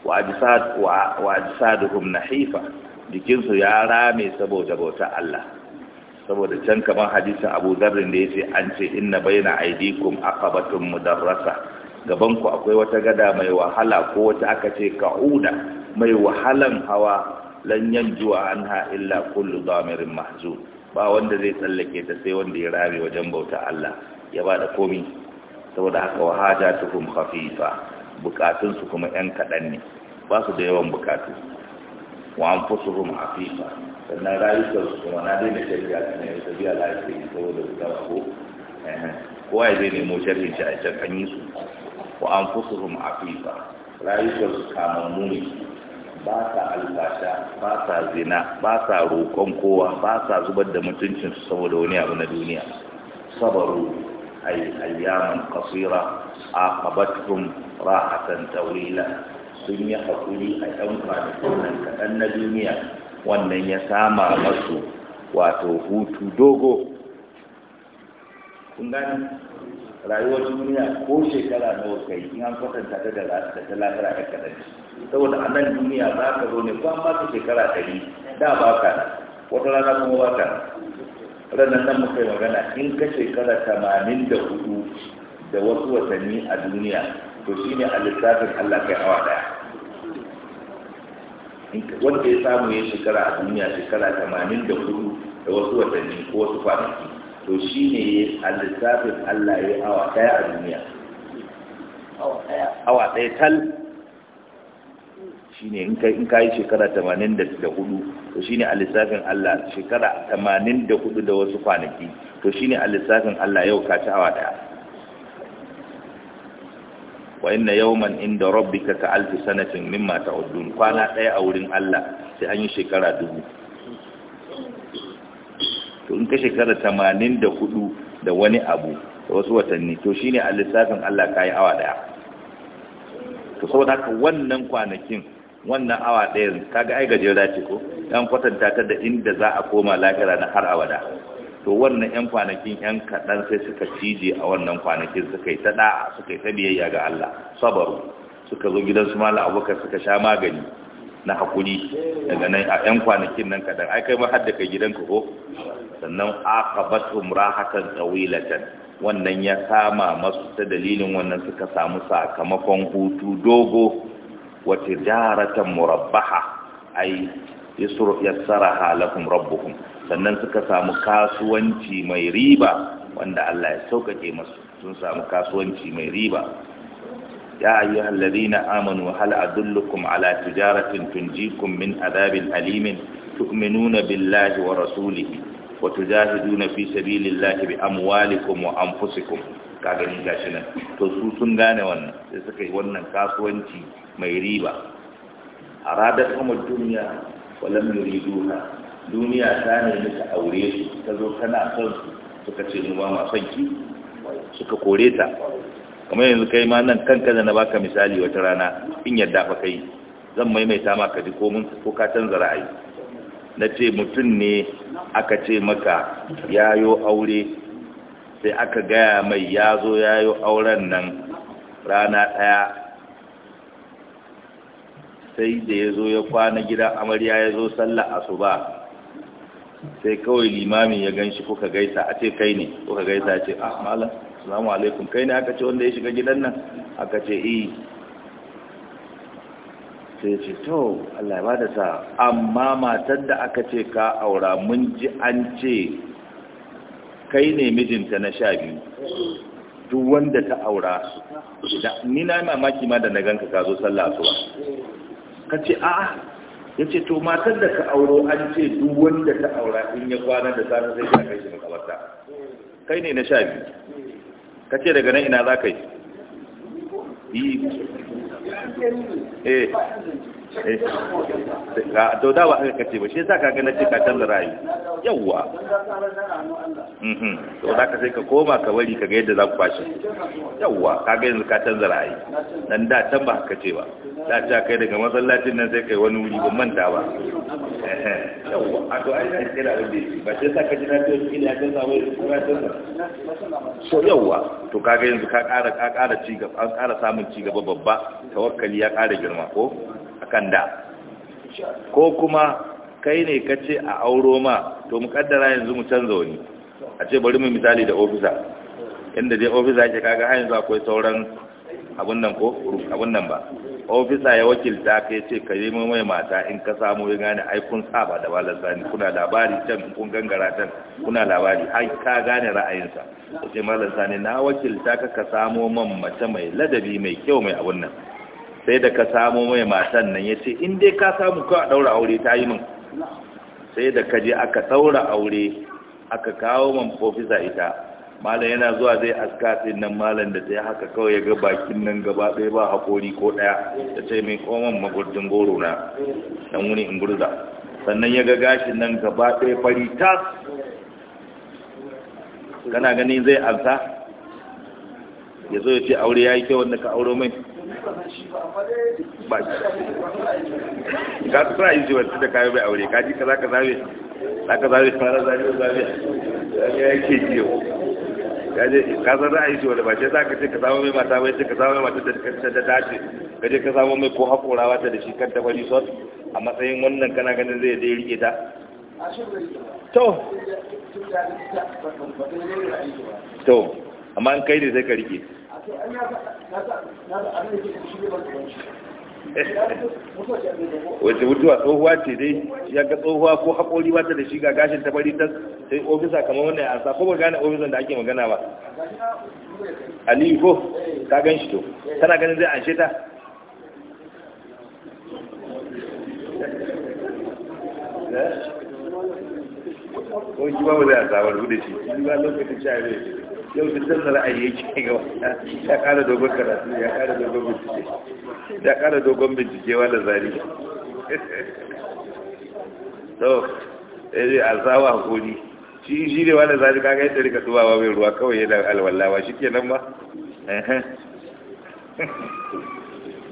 wa ajsad wa ajsaduhum nahifa jikinsu ya rame saboda bauta Allah saboda can kamar hadisin abu zarrin da ya ce an ce inna bayyana aidikum akabatun mudarrasa gaban ku akwai wata gada mai wahala ko wata aka ce ka'uda mai wahalan hawa lan yanjuwa anha illa kullu damirin mahzun ba wanda zai tsallake ta sai wanda ya rame wajen bauta Allah ya ba da komi saboda haka wahaja tukum khafifa bukatun kuma ƴan kaɗan ne ba su da yawan bukatu wa anfusuhum afifa sannan rayukan su kuma na daina shari'a ta ne tafiya lafiya saboda ko eh, ya zai nemo sharhin shi a can an yi su wa an fusuhum afifa rayukan su kama ne ba sa albasha ba sa zina ba sa roƙon kowa ba sa zubar da mutuncinsu saboda wani abu na duniya sabaru ay ayyaman qasira aqabatkum rahatan tawila sun yi hakuri a ɗan kwanakin nan kaɗan na duniya wannan ya sama masu wato hutu dogo kun gani rayuwar duniya ko shekara nawa kai in an kwatanta ta da ta lafira ka saboda a nan duniya za ka zo ne kwan ba ka shekara ɗari da ba ka wata rana kuma ba ka ranar nan muka yi magana in ka shekara tamanin da hudu da wasu watanni a duniya to shine a lissafin allah kai awa ɗaya wanda ya samu ya shekara a duniya shekara tamanin da hudu da wasu watanni ko wasu kwanaki to shi ne a lissafin Allah ya awa daya a duniya awa daya tal shi ne in ka yi shekara tamanin da hudu to shi ne a lissafin Allah shekara tamanin da hudu da wasu kwanaki to shi ne a lissafin Allah yau ka ci awa daya. wa inna yawman inda rabbika ka sanatin mimma ta'uddun kwana ɗaya a wurin Allah sai an yi shekara dubu to in ka shekara tamanin da hudu da wani abu da wasu watanni to shine a lissafin Allah kayi awa ɗaya to saboda haka wannan kwanakin wannan awa daya kaga ai gajera ce ko dan kwatanta ta da inda za a koma lahira na har awada to wannan 'yan kwanakin 'yan kaɗan sai suka cije a wannan kwanakin suka yi ta suka yi ta biyayya ga Allah sabaru suka zo gidansu mala abokan suka sha magani na hakuri daga nan a 'yan kwanakin nan kaɗan ai kai ma har da gidan gidanka ko sannan aqabatum rahatan tawilatan wannan ya kama masu ta dalilin wannan suka samu sakamakon hutu dogo wata jaratan murabbaha ai yasara halakum rabbukum sannan suka samu kasuwanci mai riba wanda Allah ya sauƙaƙe masu sun samu kasuwanci mai riba ya ayyuhal na amanu hal adullukum ala tijaratin tunjikum min azabin alimin nuna billahi wa rasuli wa tujahiduna fi sabilillahi bi amwalikum wa anfusikum ka gani gashi nan to su sun gane wannan sai suka yi wannan kasuwanci mai riba aradat umud duniya wa lam duniya ta ne ta aure su ta zo tana son suka ce mu ba ma son ki suka kore ta kamar yanzu kai ma nan kanka da na baka misali wata rana in yadda fa kai zan maimaita ma ka ji komin ko ka canza ra'ayi na ce mutum ne aka ce maka yayo aure sai aka gaya mai ya zo yayo auren nan rana ɗaya sai da ya zo ya kwana gidan amarya ya zo sallah asuba sai kawai limami ya gan shi kuka gaisa a ce kai ne kuka gaisa ce a ah, malam salamu alaikum kai ne aka ce wanda ya shiga gidan nan aka ce iya eh. sai ce to Allah ba da sa amma matar da aka ce ka aura mun ji an ce kai ne mijinta na sha biyu duk wanda ta aura ni na mamaki ma da na ganka ka zo sallah asuba ka ce a'a ya ce to matar da ka auro an ce duk wanda ta aura in ya kwana da safe zai ka kai shi makabarta kai ne na sha biyu ka ce daga nan ina za ka yi eh. Eh, to da ba aka kace ba shi yasa kaga na ce ka canza rayu yawa mhm to da ka sai ka koma ka bari ka ga yadda za ku fashi yawa kaga yanzu ka canza rayu dan da tan ba ka ce ba da ta kai daga masallacin nan sai kai wani wuri ban manta ba yawa a to ai sai kira wanda ba sai sa ka ji na ce kila ya canza wai so yawa to kaga yanzu ka ƙara ka ƙara ci gaba an ƙara samun ci gaba babba tawakkali ya ƙara girma ko akan da ko kuma kai ne ka ce a auro ma to mu kaddara yanzu mu canza wani a ce bari mu misali da ofisa inda dai ofisa yake kaga har yanzu akwai sauran abun nan ko abun nan ba ofisa ya wakilta ka ce ka yi mai mata in ka samu ya gane ai kun saba da balar sani kuna labari can kun gangara can kuna labari ai ka gane ra'ayinsa ya ce malar sani na wakilta ka ka samo man mace mai ladabi mai kyau mai abun nan sai da ka samu mai matan nan ya ce in dai ka samu kawai daura aure ta yi min sai da ka je aka daura aure aka kawo man ofisa ita malam yana zuwa zai aska nan malam da ta haka kawai ya ga bakin nan gaba ɗaya ba haƙori ko ɗaya da ce mai koman magurjin goro na ɗan wuni in gurza sannan ya ga gashin nan gaba ɗaya fari tas kana ganin zai alta ya zo ya ce aure ya yi kyau wanda ka auro mai ba shi su ra'ayi ji wata da kayo bai aure kaji ka za ka zabe za ka zabe fara zabe zabe ya jiyo ka san ra'ayi ji wata ba za ka ce ka samu mai mata ce ka samu mai mata da ta da ka je ka samu mai ko haƙorawa ta da shi kan ta bari sot a matsayin wannan kana ganin zai dai rike ta to to amma kai ne sai ka rike wace mutuwa tsohuwa ce dai ya ga tsohuwa ko haƙori ba ta da shiga gashin ta bari ta sai ofisa kamar wannan a sa ko ba gane ofisan da ake magana ba aliyu ko ta eh. gan shi to tana eh. ganin zai anshe ta eh? ko shi ba mu zai ansa ba rubu shi ba lokacin shi a yau da zan ra'ayi yake ga ya kara dogon karatu ya kara dogon bincike ya kara dogon bincike da zari ya zai alzawa hakuri shi shi ne wala zari kaga yadda rika wa mai ruwa kawai yana alwallawa nan ba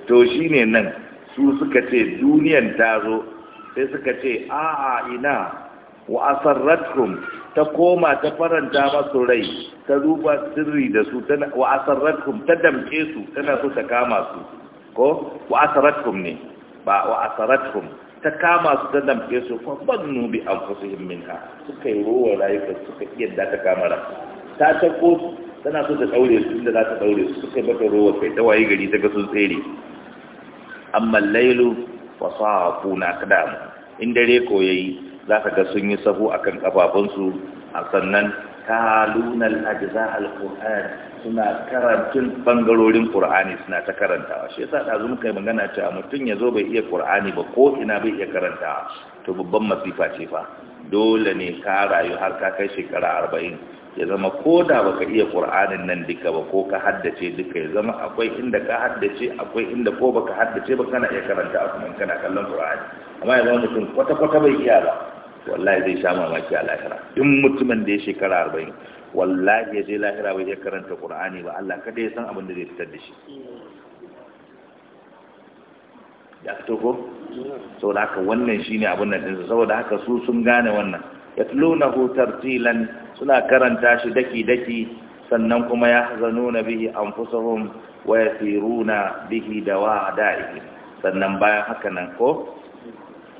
to shi ne nan su suka ce duniyan ta zo sai suka ce a'a ina wa asarratkum ta koma ta faranta masu rai ta duba sirri da su wa asarratkum ta damke su tana so ta kama su ko wa asarratkum ne ba wa asarratkum ta kama su ta damke su fa bannu bi anfusihim minha suka yi rowa rayuka suka iya da ta kama ra ta ta ko tana so ta daure su inda za ta daure su suka yi maka rowa kai ta waye gari ta ga sun tsere amma lailu wa safuna kadamu in dare ko yayi za ka ga sun yi sahu a kan ƙafafunsu a sannan kalunan ajiza al-ƙur'ani suna karantun ɓangarorin ƙur'ani suna ta karantawa shi yasa ɗazu muka yi magana a mutum ya zo bai iya ƙur'ani ba ko ina bai iya karantawa to babban masifa ce fa dole ne ka rayu har ka kai shekara arba'in ya zama ko da ba ka iya ƙur'anin nan duka ba ko ka haddace duka ya zama akwai inda ka haddace akwai inda ko baka haddace ba kana iya karanta a kuma kana kallon ƙur'ani amma ya zama mutum kwata-kwata bai iya ba wallahi zai sha mamaki a lahira duk mutumin da ya shekara arba'in wallahi ya je lahira bai ya karanta qur'ani ba Allah kada ya san abin da zai fitar da shi ya fito ko saboda haka wannan ne abin nan saboda haka su sun gane wannan hutar tartilan suna karanta shi daki daki sannan kuma yahzanuna bihi anfusahum Waya yasiruna bihi da da'i sannan bayan haka nan ko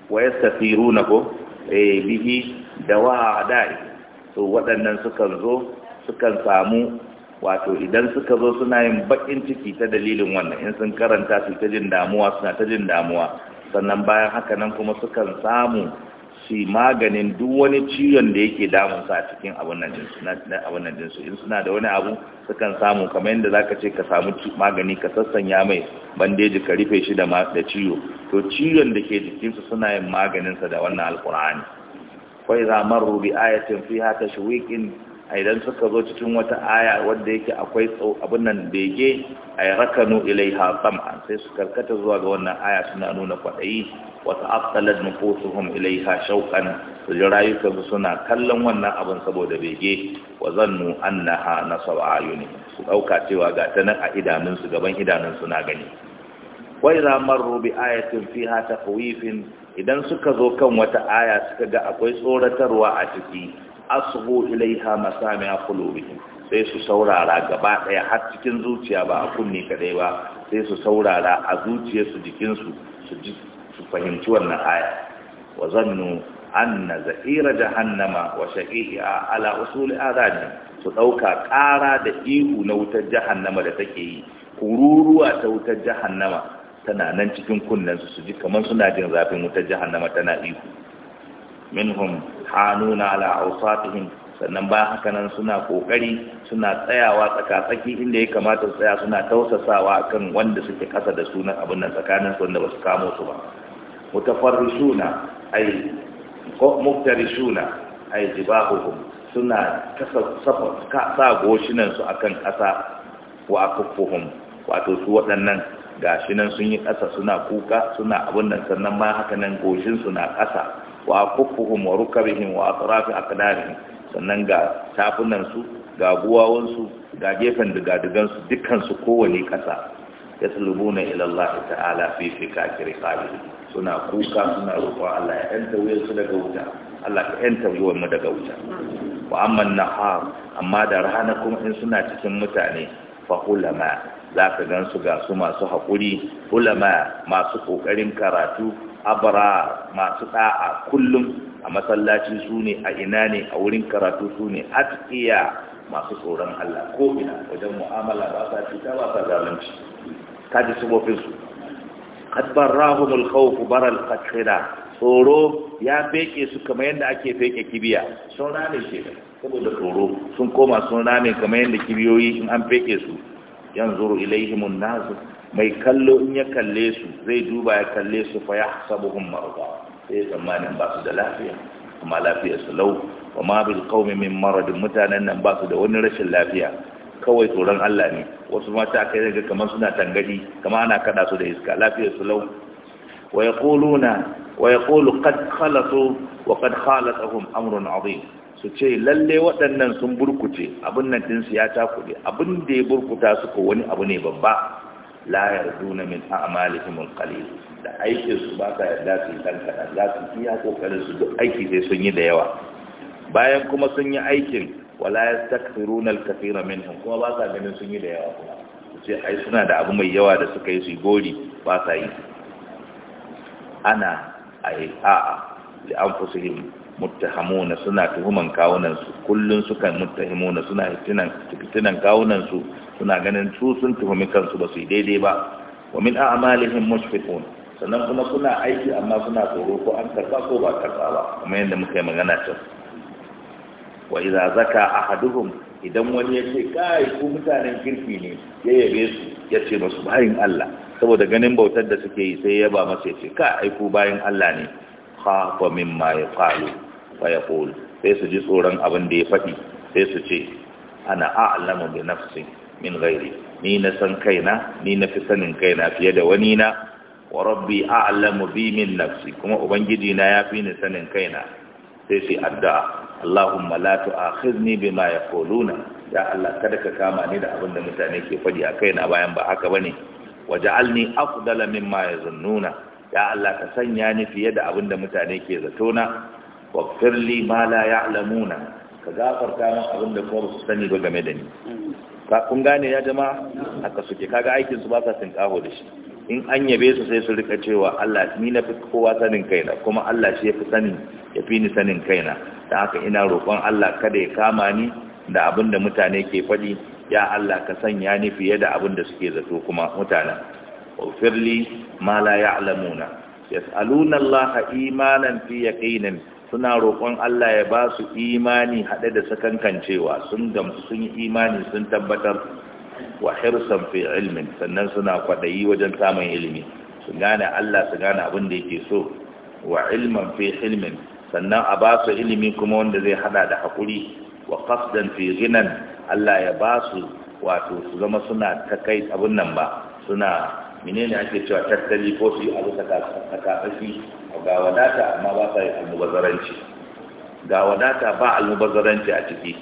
wa yastafiruna ko bihi da wa dai to waɗannan sukan zo sukan samu wato idan suka zo suna yin bakin ciki ta dalilin wannan in sun karanta su ta jin damuwa suna ta jin damuwa sannan bayan haka nan kuma sukan samu su maganin duk wani ciwon da yake damun su a cikin abin nan dinsu in suna da wani abu sukan samu kamar yadda za ka ce ka samu magani ka sassanya mai bandeji ka rufe shi da ciwo to ciwon da ke jikinsu suna yin maganinsa da wannan alkur'ani kwai zamar rubi ayatin fi hata wikin a idan suka zo cikin wata aya wanda yake akwai abin nan bege a yi rakanu ilaiha sam'an sai su karkata zuwa ga wannan aya suna nuna kwaɗayi wata aftalar nufusuhum ilaiha shauƙan su ji suna kallon wannan abun saboda bege wa zannu annaha na ne. su ɗauka cewa ga ta nan a idanunsu gaban idanunsu na gani wa idza marru bi ayatin fiha taqwifin idan suka zo kan wata aya suka ga akwai tsoratarwa a ciki asubu ilaiha a Kulobi, sai su saurara gaba daya har cikin zuciya ba a kunne kadai ba sai su saurara a zuciyarsu jikinsu su ji su fahimci wannan aya wa zannu anna zahira jahannama wa shaqiha ala usul adani su dauka ƙara da ihu na wutar jahannama da take yi kururuwa ta wutar jahannama tana nan cikin kunnensu su ji kamar suna jin zafin wutar jahannama tana ihu minhum yu'anuna ala awsatihim sannan ba haka nan suna kokari suna tsayawa tsakatsaki inda ya kamata tsaya suna tausasawa kan wanda suke kasa da sunan abin nan tsakanin su wanda basu kamo su ba mutafarrisuna ay ko muftarishuna ay jibahuhum suna kasa safa sa goshinan su akan kasa wa akufuhum wato su waɗannan gashinan sun yi kasa suna kuka suna abin nan sannan ma haka nan goshin su na kasa wa kufuhum wa rukabihim wa atrafi aqdarihim sannan ga tafunan su ga guwawon su ga gefen gadugan su dukkan su kowane kasa yaslubuna ila Allah ta'ala fi fikaki riqabi suna kuka suna roƙon Allah ya yanta wuyan su daga wuta Allah ka yanta wuyan mu daga wuta wa amma nahar amma da rana kuma in suna cikin mutane fa ulama za ka gan su ga su masu haƙuri ulama masu ƙoƙarin karatu abara masu ɗa'a kullum a masallaci su ne a ina ne a wurin karatu su ne a atqiya masu tsoron Allah ko ina wajen mu'amala ba sa cuta ba sa zalunci Ta ji su qad barrahumul khawf baral qatrida tsoro ya feke su kamar yadda ake feke kibiya sun rame shi saboda tsoro sun koma sun rame kamar yadda kibiyoyi in an feke su yanzu ilaihimun nazu mai kallo in ya kalle su zai duba ya kalle su fa ya sabuhun sai tsammanin ba su da lafiya amma lafiya su lau wa ma bil qaumi min marad mutanen nan ba su da wani rashin lafiya kawai tsoron Allah ne wasu mata kai daga kamar suna tangadi kamar ana kada su da iska lafiya su lau wa yaquluna wa yaqulu qad khalatu wa qad khalatahum amrun azim su ce lalle waɗannan sun burkuce abin nan ɗinsu ya takuɗe abin da ya burkuta su ko wani abu ne babba la yarduna min a'malihim alqalil da aikin su ba ka yarda su yi dan kadan za su iya kokarin su duk aiki sai sun yi da yawa bayan kuma sun yi aikin wala yastakbiruna alkathira minhum kuma ba sa ganin sun yi da yawa kuma sai ai suna da abu mai yawa da suka yi su gori ba sa yi ana ai a'a li anfusihim muttahamuna suna tuhuman kawunan su kullun suka muttahimuna suna fitinan fitinan kawunan su suna ganin su sun tuhumi kansu ba su yi daidai ba wa min a'malihim mushfiqun sannan kuma suna aiki amma suna tsoro ko an karba ko ba karba ba kuma yanda muka yi magana can wa idza zaka ahaduhum idan wani ya ce kai ku mutanen kirki ne ya yabe su ya ce masu bayin Allah saboda ganin bautar da suke yi sai ya ba masa ya ce ka ai ku bayin Allah ne khafa mimma yaqalu fa yaqul sai su ji tsoron abin da ya faɗi sai su ce ana a'lamu bi nafsi min ghairi ni na san kaina ni na fi sanin kaina fiye da wani na wa rabbi a'lamu bi min nafsi kuma ubangiji na yafi ni sanin kaina sai sai addu'a Allahumma la tu'akhidni bima yaquluna ya Allah kada ka kama ni da abin da mutane ke faɗi a kaina bayan ba haka bane waj'alni afdala mimma yazunnuna ya Allah ka sanya ni fiye da abin da mutane ke zato na waghfir li ma la ya'lamuna ka gafarta min abin da kuma ba su sani ba game da ni ka kun gane ya jama'a haka suke kaga aikin su ba sa sun kaho da shi in an yabe su sai su rika cewa Allah ni na fi kowa sanin kaina kuma Allah shi ya fi sanin ya fi ni sanin kaina da haka ina roƙon Allah kada ya kama ni da abin da mutane ke faɗi ya Allah ka sanya ni fiye da abin da suke zato kuma mutanen ofirli ma la ya'lamuna yas'alunallaha imanan fi yaqinin suna roƙon Allah ya ba su imani haɗe da sakankancewa sun gamsu sun yi imani sun tabbatar wa hirsan fi ilmin sannan suna kwaɗayi wajen samun ilimi su gane Allah su gane abin da yake so wa ilman fi ilmin sannan a ba su ilimi kuma wanda zai hada da haƙuri wa qasdan fi ginan Allah ya ba su wato su zama suna kai abin nan ba suna menene ake cewa tattali ko su yi abu ta tsaki ga wadata amma ba sa yi almubazaranci ga wadata ba almubazaranci a ciki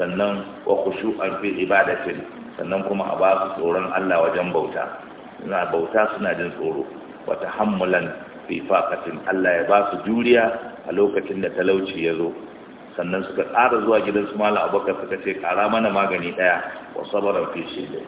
sannan wa an fi ibadatin sannan kuma a ba su tsoron Allah wajen bauta suna bauta suna jin tsoro wata hammulan fi fakatin. Allah ya ba su juriya a lokacin da talauci ya zo sannan suka tsara zuwa gidan su mala abokan suka ce kara mana magani ɗaya wa sabarar fi shi da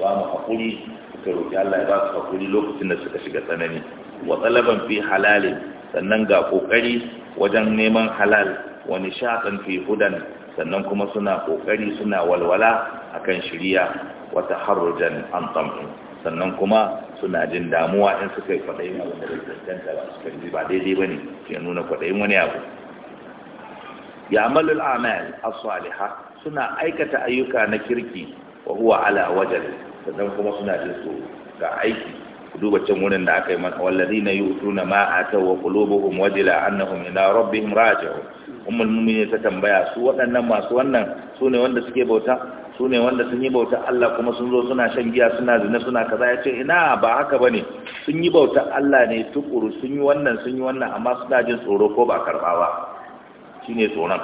ba mu hakuri suka roƙi Allah ya ba su hakuri lokacin da suka shiga tsanani wa talaban fi halalin sannan ga kokari wajen neman halal wa nishaqan fi hudan sannan kuma suna kokari suna walwala akan shiriya wa taharrujan an tam'in sannan kuma suna jin damuwa in suka yi kwaɗayin abu da rikistanta ba suka yi ba daidai ba ne ke nuna kwaɗayin wani abu ya malul amal as-saliha suna aikata ayyuka na kirki wa huwa ala wajal sannan kuma suna jin su ga aiki ku duba can wurin da aka yi mana yi utu ma ma'ata wa qulubuhum wajila annahum ila rabbihim raji'un ummul mu'minin ta tambaya su waɗannan masu wannan su ne wanda suke bauta su ne wanda sun yi bauta Allah kuma sun zo suna shan giya suna zina suna kaza ya ce ina ba haka bane sun yi bauta Allah ne tukuru sun yi wannan sun yi wannan amma suna jin tsoro ko ba karɓawa? Shi shine tsoron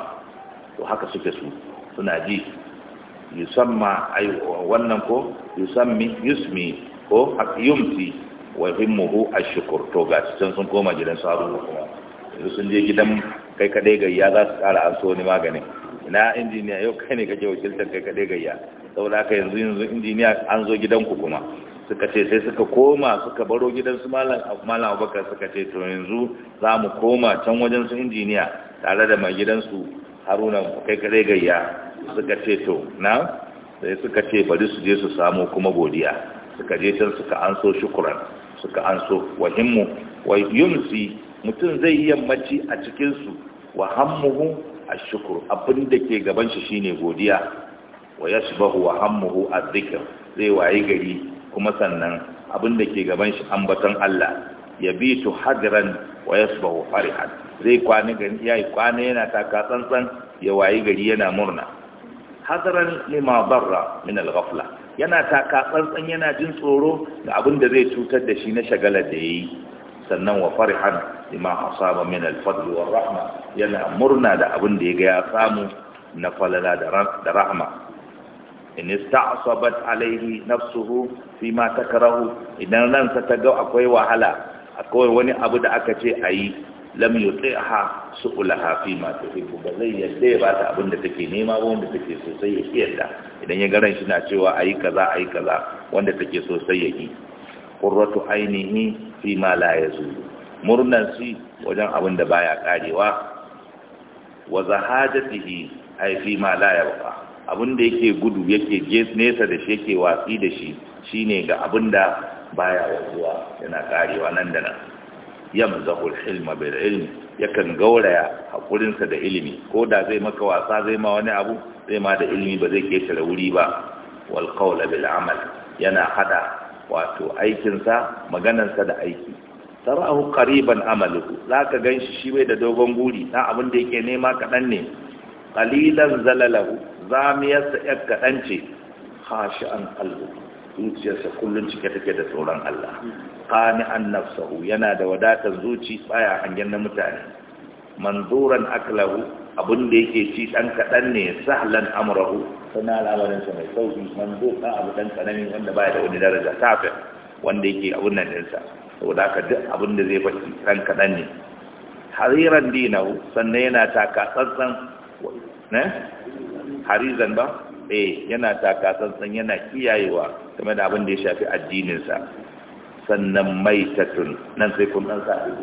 to haka suke su suna ji yusamma ay wannan ko yusammi yusmi ko yumti wa himmuhu ashkur to ga can sun koma gidan saru kuma yanzu sun je gidan kai kadai gayya za su kara an so ni magani ina injiniya yau kai ne kake wakiltar kai kadai gayya saboda haka yanzu yanzu injiniya an zo gidan ku kuma suka ce sai suka koma suka baro gidan su malam abubakar suka ce to yanzu za mu koma can wajen su injiniya tare da mai gidan su haruna kai ga gayya suka ce to na sai suka ce bari su je su samu kuma godiya suka je can suka anso shukuran suka anso wa himmu wa yumsi mutum zai yi yammaci a cikin su wa hammuhu ashkuru abin da ke gaban shi shine godiya wa yashbahu wa hammuhu a dhikr zai wayi gari kuma sannan abin da ke gaban shi ambaton Allah Ya bi tu hadran wa yasbahu farihan zai kwana gari yi kwana yana taka tsantsan ya wayi gari yana murna hadaran lima barra min al-ghafla yana taka tsantsan yana jin tsoro da abin da zai cutar da shi na shagalar da yayi sannan wa farihan lima asaba min al wa rahma yana murna da abin da yaga ya samu na falala da rahma in ista'sabat alayhi nafsuhu ma takrahu idan ransa ta ga akwai wahala akwai wani abu da aka ce ayi lam yuti'ha su'ulaha fi ma tuhibbu ba zai yadda ya ba ta abin take nema ba wanda take so sai ya yadda idan ya ga ran shi na cewa ayi kaza ayi kaza wanda take so sai ya yi qurratu ainihi fi ma la yazulu murnan shi wajen abin baya karewa wa zahajatihi ay fi ma la yabqa abin yake gudu yake nesa da shi yake watsi da shi shine ga abin baya wanzuwa yana karewa nan da nan yamzahu al-hilma bil ilmi yakan gauraya hakurinsa da ilimi ko da zai maka wasa zai ma wani abu zai ma da ilimi ba zai da wuri ba wal qawla bil amal yana hada wato aikinsa maganarsa da aiki tarahu qariban amaluhu zaka ganshi shi bai da dogon guri Na abin da yake nema kadan ne qalilan zalalahu zamiyarsa yar kadan ce khashi'an qalbu zuciyarsa kullun cike take da tsoron Allah an nafsuhu yana da wadatar zuci baya hangen na mutane manzuran aklahu abin da yake ci dan kadan ne sahlan amrahu sana al'amarin sa mai sauki manzo ka abu dan karami wanda baya da wani daraja tafi wanda yake abun nan din sa saboda ka duk abin da zai faɗi dan kadan ne hariran dinahu sannan yana taka tsantsan ne harizan ba eh yana taka tsantsan yana kiyayewa game da abin da ya shafi addininsa sannan maitatun nan sai kun dan sa Mai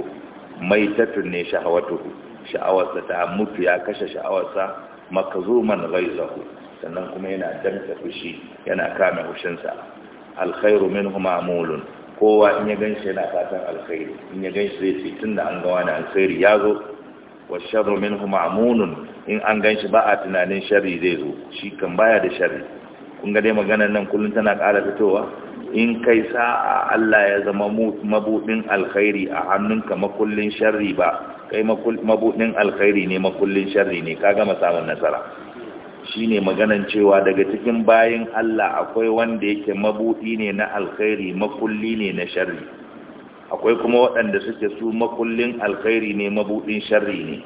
maitatun ne shahawatuhu sha'awarsa ta mutu ya kashe sha'awarsa makazuman ghaizahu sannan kuma yana danta fushi yana kame hushinsa alkhairu huma mulun kowa in ya ganshi yana fatan alkhairi in ya ganshi zai ce da an ga wani alkhairi ya zo wa sharru huma mulun in an ganshi ba a tunanin sharri zai zo shi kan baya da sharri kun ga dai maganar nan kullum tana ƙara fitowa in kai sa'a Allah ya zama mabudin alkhairi a hannunka makullin sharri ba kai mabudin alkhairi ne makullin sharri ne ka gama samun nasara Shi ne maganan cewa daga cikin bayan Allah akwai wanda yake mabudi ne na alkhairi makulli ne na sharri akwai kuma waɗanda suke su makullin alkhairi ne mabudin sharri ne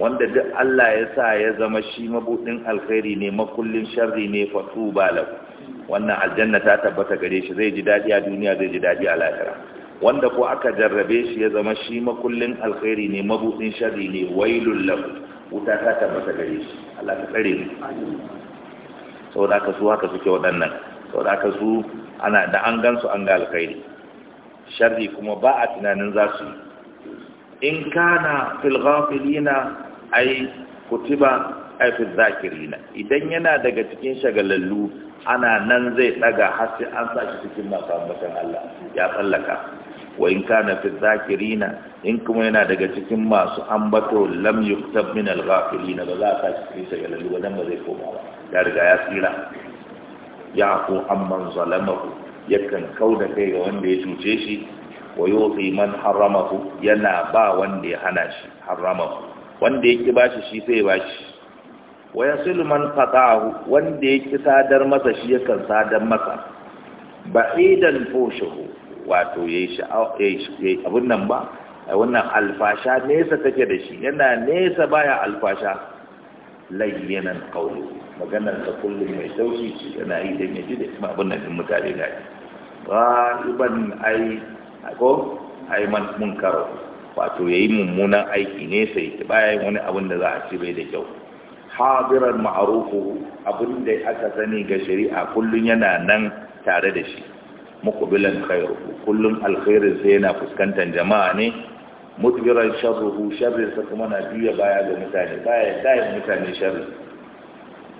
wanda duk Allah ya sa ya zama shi mabudin alkhairi ne makullin sharri ne fa tuba balahu wannan aljanna ta tabbata gare shi zai ji daɗi a duniya zai ji daɗi a lahira wanda ko aka jarrabe shi ya zama shi makullin alkhairi ne mabudin sharri ne wailul lahu wuta ta tabbata gare shi Allah ta tsare mu saboda haka su haka suke waɗannan saboda haka su ana da an gansu an ga alkhairi sharri kuma ba a tunanin za su yi in kana fil ghafilina ay kutiba ay fil zakirina idan yana daga cikin shagalallu ana nan zai daga har sai an sa shi cikin masu Allah ya tsallaka wa in kana fi zakirina in kuma yana daga cikin masu ambato lam yuktab min al-ghafilina ba za ka cikin sa ga lalu ba zai koma ba ya riga ya tsira ya ko amman zalamahu yakan kauda kai ga wanda ya cuce shi wa yuti man haramahu yana ba wanda ya hana shi haramahu wanda yake bashi shi sai ya bashi wa yasilu man qata'ahu wanda yake sadar masa shi yakan sadar masa ba'idan fushuhu wato ya yi abin nan ba wannan alfasha nesa take da shi yana nesa baya alfasha layyanan qawlu maganar ta kullum mai sauki yana yi ya ji da kuma abin nan mutane da ghaiban ai ko ai mun munkaro wato yayi mummunan aiki ne sai bayan wani abun da za a ci bai da kyau hadiran ma'arufu abin da aka sani ga shari'a kullum yana nan tare da shi mukubilan khairuhu kullum alkhairin sai yana fuskantar jama'a ne mudbiran sharruhu sharrin sa kuma na biya baya ga mutane baya dai mutane sharri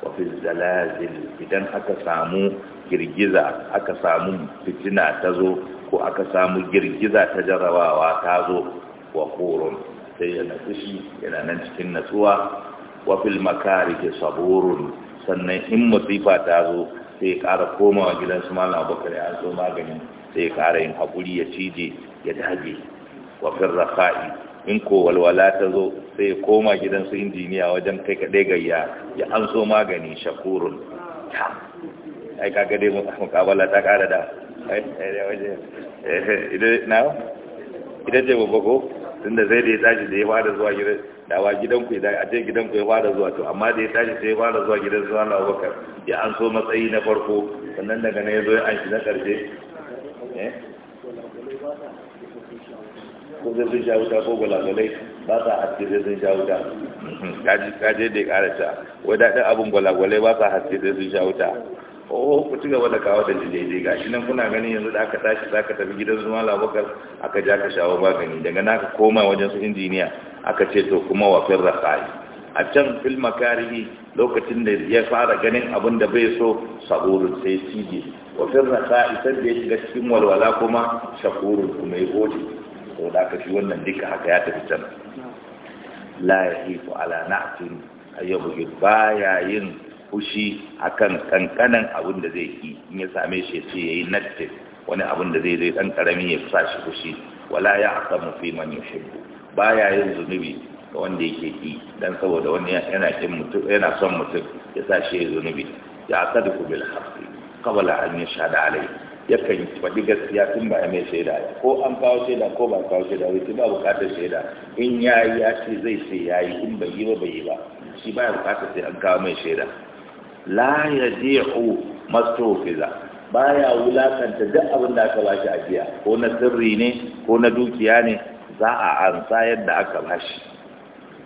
wa fi zalazil idan aka samu girgiza aka samu fitina ta zo ko aka samu girgiza ta jarrabawa ta zo wa qurun sai ya nafi yana nan cikin natsuwa wa fil ke saburun sannan in musifa ta zo sai ya ƙara komawa gidan su malam abubakar ya zo maganin sai ya ƙara yin haƙuri ya cije ya dage wa fil rafa'i in ko walwala ta zo sai ya koma gidan su injiniya wajen kai kaɗai gayya ya an so magani shakurun ai kaga dai mukabala ta kara da idan na idan ce babba ko tunda zai da ya tashi da ya fara zuwa gidan dawa gidanku ya a gidan gidanku ya fara zuwa to amma da ya tashi sai ya fara zuwa gidan zuwa na abubakar ya an so matsayi na farko sannan daga nan ya zo ya an shi na ƙarshe eh? ko zai sun sha wuta ko gwalagwalai ba sa haske zai sun sha wuta kaji kaje da ya ƙara sha abin gwalagwalai ba sa haske zai sun sha wuta oh ku ci gaba da kawo da ga gashi nan kuna ganin yanzu da aka tashi za ka tafi gidan zuma labakar aka ja ka shawo magani daga naka koma wajen su injiniya aka ce to kuma wa firra a can fil makarihi lokacin da ya fara ganin abin da bai so sabulun sai cije wa firra sai da ya shiga cikin walwala kuma shakurun kuma ya gode da aka shi wannan duka haka ya tafi can la yahifu ala na'tin ayyuhu baya yin fushi akan kankanan abin da zai yi in ya same shi ya ce yayi natte wani abin da zai zai dan karami ya sa shi fushi wala ya asamu fi man yuhibbu baya yin zunubi ga wanda yake yi dan saboda wani yana kin mutum yana son mutum ya sa shi zunubi ya sadiku bil haqqi qabla an yashhada ya yakan faɗi gaskiya tun ba mai shaida ko an kawo shaida ko ba kawo shaida wai ba bukatar shaida in ya yi ya ce zai ce yi, in bai yi ba bai yi ba shi ba ya bukatar sai an kawo mai shaida la yadi'u mastofiza ya wulakanta duk abin da aka bashi jiya, ko na sirri ne ko na dukiya ne za a ansa yadda aka bashi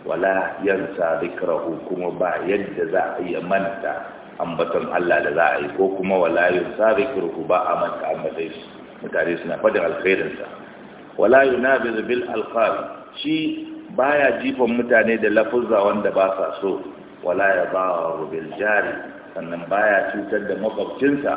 wala yansa zikrahu kuma ba yadda za a iya manta ambaton Allah da za a yi ko kuma wala yansa zikrahu ba a manta ambaton shi mutane suna fadin alkhairinsa wala yunabiz bil alqab shi baya jifan mutane da lafuzza wanda ba sa so wala ya ba wa jari sannan baya cutar da makwabcinsa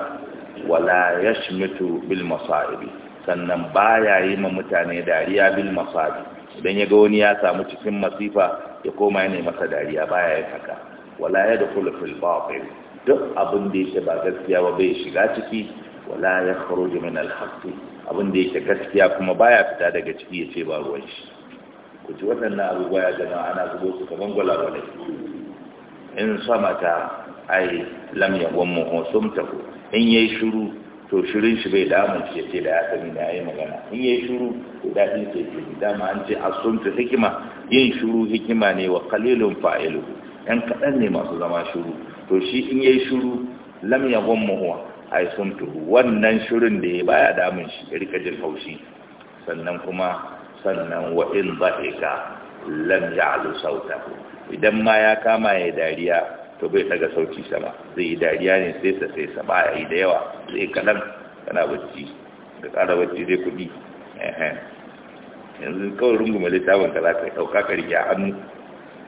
wala yashmitu bil masa'ibi sannan baya yi ma mutane dariya bil masa'ibi idan ya ga wani ya samu cikin masifa ya koma ya masa dariya baya yin haka wala ya yadkhulu fil batil duk abin da yake ba gaskiya ba bai shiga ciki wala ya kharuju min al abin da yake gaskiya kuma baya fita daga ciki ya ce ba ruwan shi ku ji waɗannan abubuwa ya jama'a ana zubo su kaman gwalagwalai in samata ai lam yagummuhu sumtahu in yayi shiru to shirin shi bai damu ce ce da ya sani da yayi magana in yayi shiru to dadi ce ji dama an ce asumtu hikima yin shiru hikima ne wa qalilun fa'ilu. yan kaɗan ne masu zama shiru to shi in yayi shiru lam yagummuhu ai sumtuhu wannan shirin da ya baya damun shi ya rika jin haushi sannan kuma sannan wa in ba'ika lam ya'lu sautahu idan ma ya kama ya dariya to bai daga sauci sama zai yi dariya ne sai sa sai sama ya yi da yawa zai kalan kana bacci da tsara bacci zai kudi yanzu kawai rungume littafin ka za ka ɗauka ka rike hannu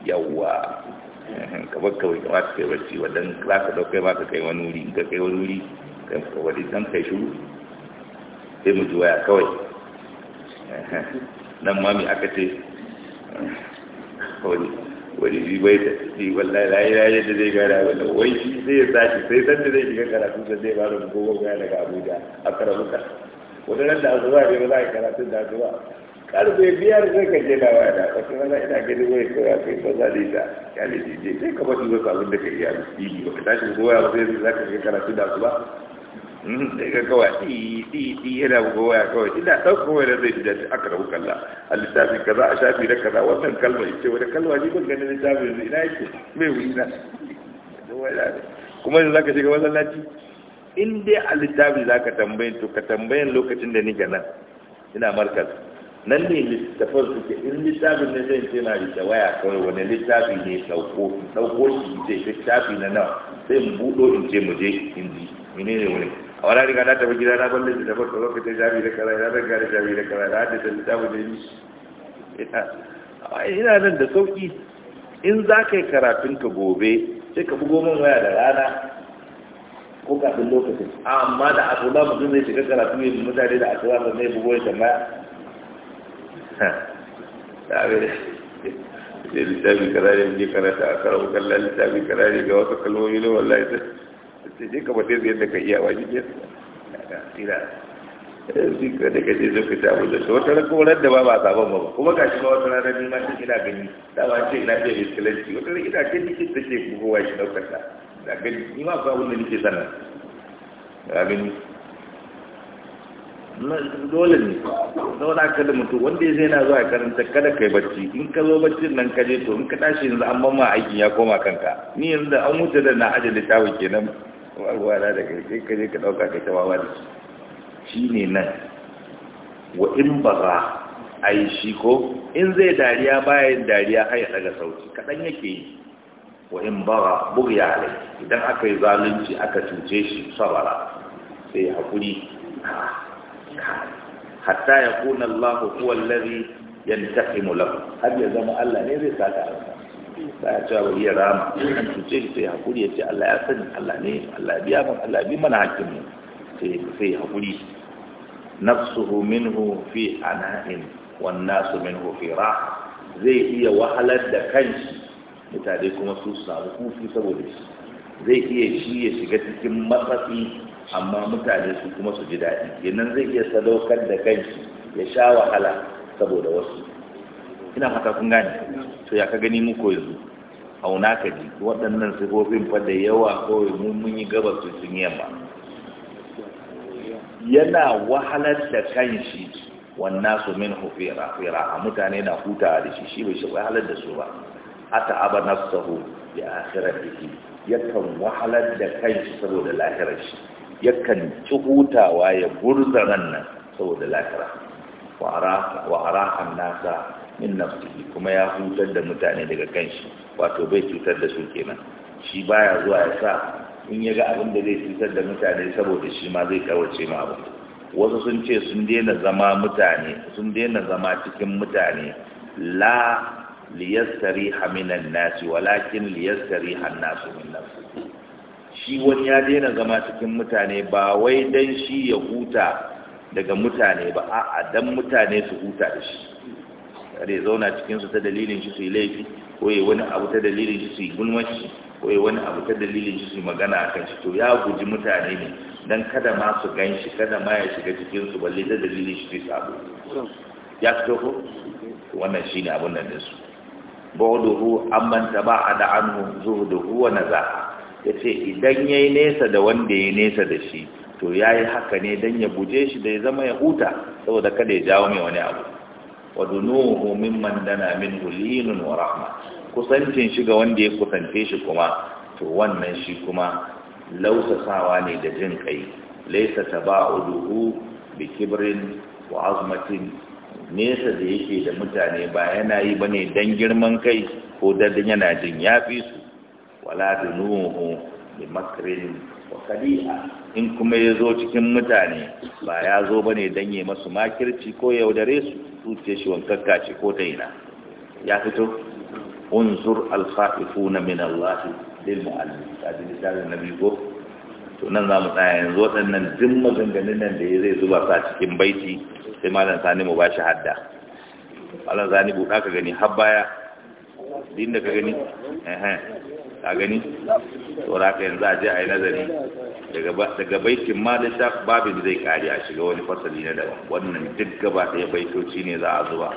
yawa kamar ka kamar ka kai bacci wadan za ka ɗaukai ba ka kai wani wuri ka kai wani wuri kan ka wani dan kai shuru sai mu ji waya kawai nan mami aka ce kawai wani shi bai da tsitsi wallahi layi layi yadda zai gara wanda wai shi zai yi sashi sai san da zai shiga karatu da zai bada gogon gaya daga abuja a karamuka wani nan da azuwa ne ba za a karatu da azuwa karfe biyar sai ka je da wada wata rana ina gani wai kawai kai ba za ne ta ya ne je sai ka wasu abin da ka iya yi ba ka tashi goya ba sai za ka shiga karatu da azuwa daga mm, kawai ɗi ɗi yana buga waya kawai ina ɗaukar waya zai da dace aka rabu kalla a littafin kaza a shafi na kaza wannan kalma ya ce wani kalma ne ban ganin littafin yanzu ina yake mai wuri na kuma yanzu za ka wannan lati in dai a littafin za ka tambayin to ka tambayin lokacin da ni ga nan ina markaz nan ne littafin suke in littafin ne zai ce na da waya kawai wani littafi ne sauko sauko shi ce shafi na nawa sai mu budo in ce mu je in ji menene wani a wala riga na tafi gida na balle da farko lokacin jami da kara na riga da jami da kara na hadda da littafi da ni ina nan da sauƙi in za ka yi karatun ka gobe sai ka bugo min waya da rana ko kafin lokacin amma da a asuba mutum zai shiga karatu ya mutane da asuba ba zai bugo ya tambaya da littafi kara ne ke karata a karo kallon littafi kara ne ga wasu kalmomi ne wallahi sai dai ka faɗe zai eh, da ka iya wa jikin tsira shi ka da kaje zai ta mu da wata ran kuma da ba ba sabon ba kuma ga shi ba wata ran ni ma ina gani da ba ce ina ce iskilanci wata ran ina ce nake take bugowa shi daukar ta da gani ni ma ba wanda nike sana da gani dole ne zauna ka da mutum wanda ya zai na zuwa karanta kada kai bacci in ka zo baccin nan ka je to in ka tashi yanzu an ma aikin ya koma kanka ni yanzu an wuce da na ajiye littafin kenan ba ruwa na da sai ka je ka ɗauka ka tawa wani shi ne nan wa in ba za a yi shi ko in zai dariya bayan dariya har ya daga sauti kaɗan yake yi wa in ba za bugya alai idan aka yi zalunci aka cuce shi sabara sai ya haƙuri hatta ya kuna Allah huwa allazi yantaqimu lahu har ya zama Allah ne zai saka alfa ba ya cewa bari ya rama an cuce shi sai hakuri ya ce Allah ya sani Allah ne Allah biya mun Allah bi mana hakkin mu sai sai hakuri nafsuhu minhu fi ana'in wan nasu minhu fi ra zai iya wahalar da kanshi mutane kuma su samu kufi saboda shi zai iya shi ya shiga cikin matsatsi amma mutane su kuma su ji daɗi kenan zai iya sadaukar da kanshi ya sha wahala saboda wasu ina haka kun gane to ya ka gani mu ko yanzu auna ka ji waɗannan sifofin fa da yawa kawai mun mun yi gabas su sun yamma yana wahalar da kanshi wannan su min hufira fira mutane na huta da shi shi bai shi wahalar da su ba ata aba nafsahu bi akhiratihi yakan wahalar da kanshi saboda lahirar shi yakan ci hutawa ya gurza nan saboda lahira wa ara wa ara annasa min nafsihi kuma ya hutar da mutane daga kanshi wato bai cutar da su kenan shi baya zuwa ya sa in ya ga abin da zai cutar da mutane saboda shi ma zai kawace ma abu wasu sun ce sun daina zama mutane sun daina zama cikin mutane la liyastari haminan nasi walakin liyastari hannasu min nafsihi shi wani ya daina zama cikin mutane ba wai dan shi ya huta daga mutane ba a'a dan mutane su huta da shi kada ya zauna cikin su ta dalilin shi su yi laifi ko ya wani abu ta dalilin shi su yi gulmaci ko ya wani abu ta dalilin shi su yi magana a kan shi to ya guji mutane ne dan kada ma su gan shi kada ma ya shiga cikin su balle ta dalilin shi su yi sabo ya fito ko wannan shine abun nan din su bawduhu amman taba'a da anhu zuhduhu wa nazaha yace idan yayi nesa da wanda yayi nesa da shi to yayi haka ne dan ya guje shi da ya zama ya huta saboda kada ya jawo mai wani abu wa dunuhu mimman dana min hulinun wa rahma kusancin shi ga wanda ya kusance shi kuma to wannan shi kuma lausasawa ne da jin kai laisa taba'uduhu bi kibrin wa azmatin nesa da yake da mutane ba yana yi bane dan girman kai ko dan yana jin yafi su wala dunuhu bi makrin in kuma ya zo cikin mutane ba ya zo ba ne don yi masu makirci ko yaudare su tuce shi wankakka ce ko ta ina ya fito unzur alfa'ifu na min Allah lil mu'allim ta ji misalin nabi ko to nan za mu tsaya yanzu waɗannan duk maganganun nan da ya zai zuba sa cikin baiti sai malam sani mu bashi hadda malam sani buɗa ka gani har baya din da ka gani a gani saboda haka yanzu a je a yi nazari daga baikin ma da shaf babin zai kari a shiga wani fasali na daban wannan duk gaba ɗaya baitoci ne za a zuba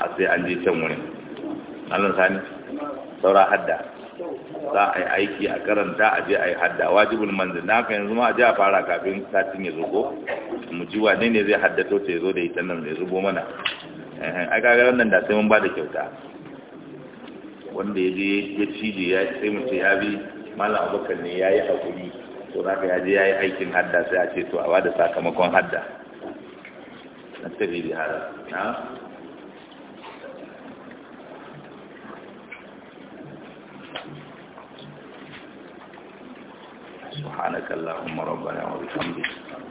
a sai an je can wurin allon sani saura hadda za a yi aiki a karanta a je a yi hadda wajibin manzil na haka yanzu ma a je a fara kafin satin ya zuko mu ji wane ne zai haddato ta ya zo da ita nan zai zubo mana ai kaga wannan da sai mun ba da kyauta wanda ya je ya cije ya sai mu ce ya bi malam abubakar ne ya yi hakuri to za ka ya ya yi aikin hadda sai a ce to a da sakamakon hadda na tafi da hada na سبحانك اللهم ربنا وبحمدك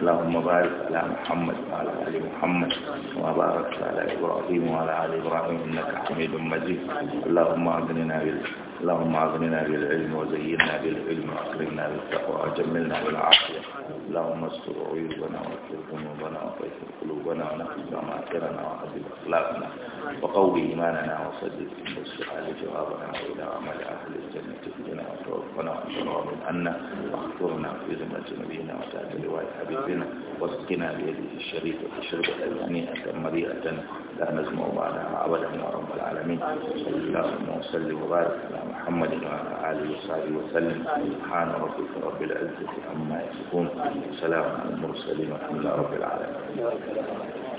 اللهم بارك على محمد وعلى آل محمد وبارك على إبراهيم وعلى آل إبراهيم إنك حميد مجيد اللهم أغننا بال اللهم أغننا بالعلم وزينا بالعلم وأكرمنا بالتقوى وجملنا بالعافية اللهم استر عيوبنا واغفر ذنوبنا وطهر قلوبنا ونقل ضمائرنا وعذب أخلاقنا وقوي إيماننا وصدق بالسؤال جوابنا وإلى عمل أهل الجنة في وارزقنا واشرار عنا واغفرنا في ذمة نبينا وتحت لواء حبيبنا واسقنا بيده الشريفة شربة هنيئة مريئة لا نزمع بعدها أبدا يا رب العالمين اللهم وسلم وبارك على محمد وعلى آله وصحبه وسلم سبحان ربك رب العزة عما يصفون سلام على المرسلين والحمد لله رب العالمين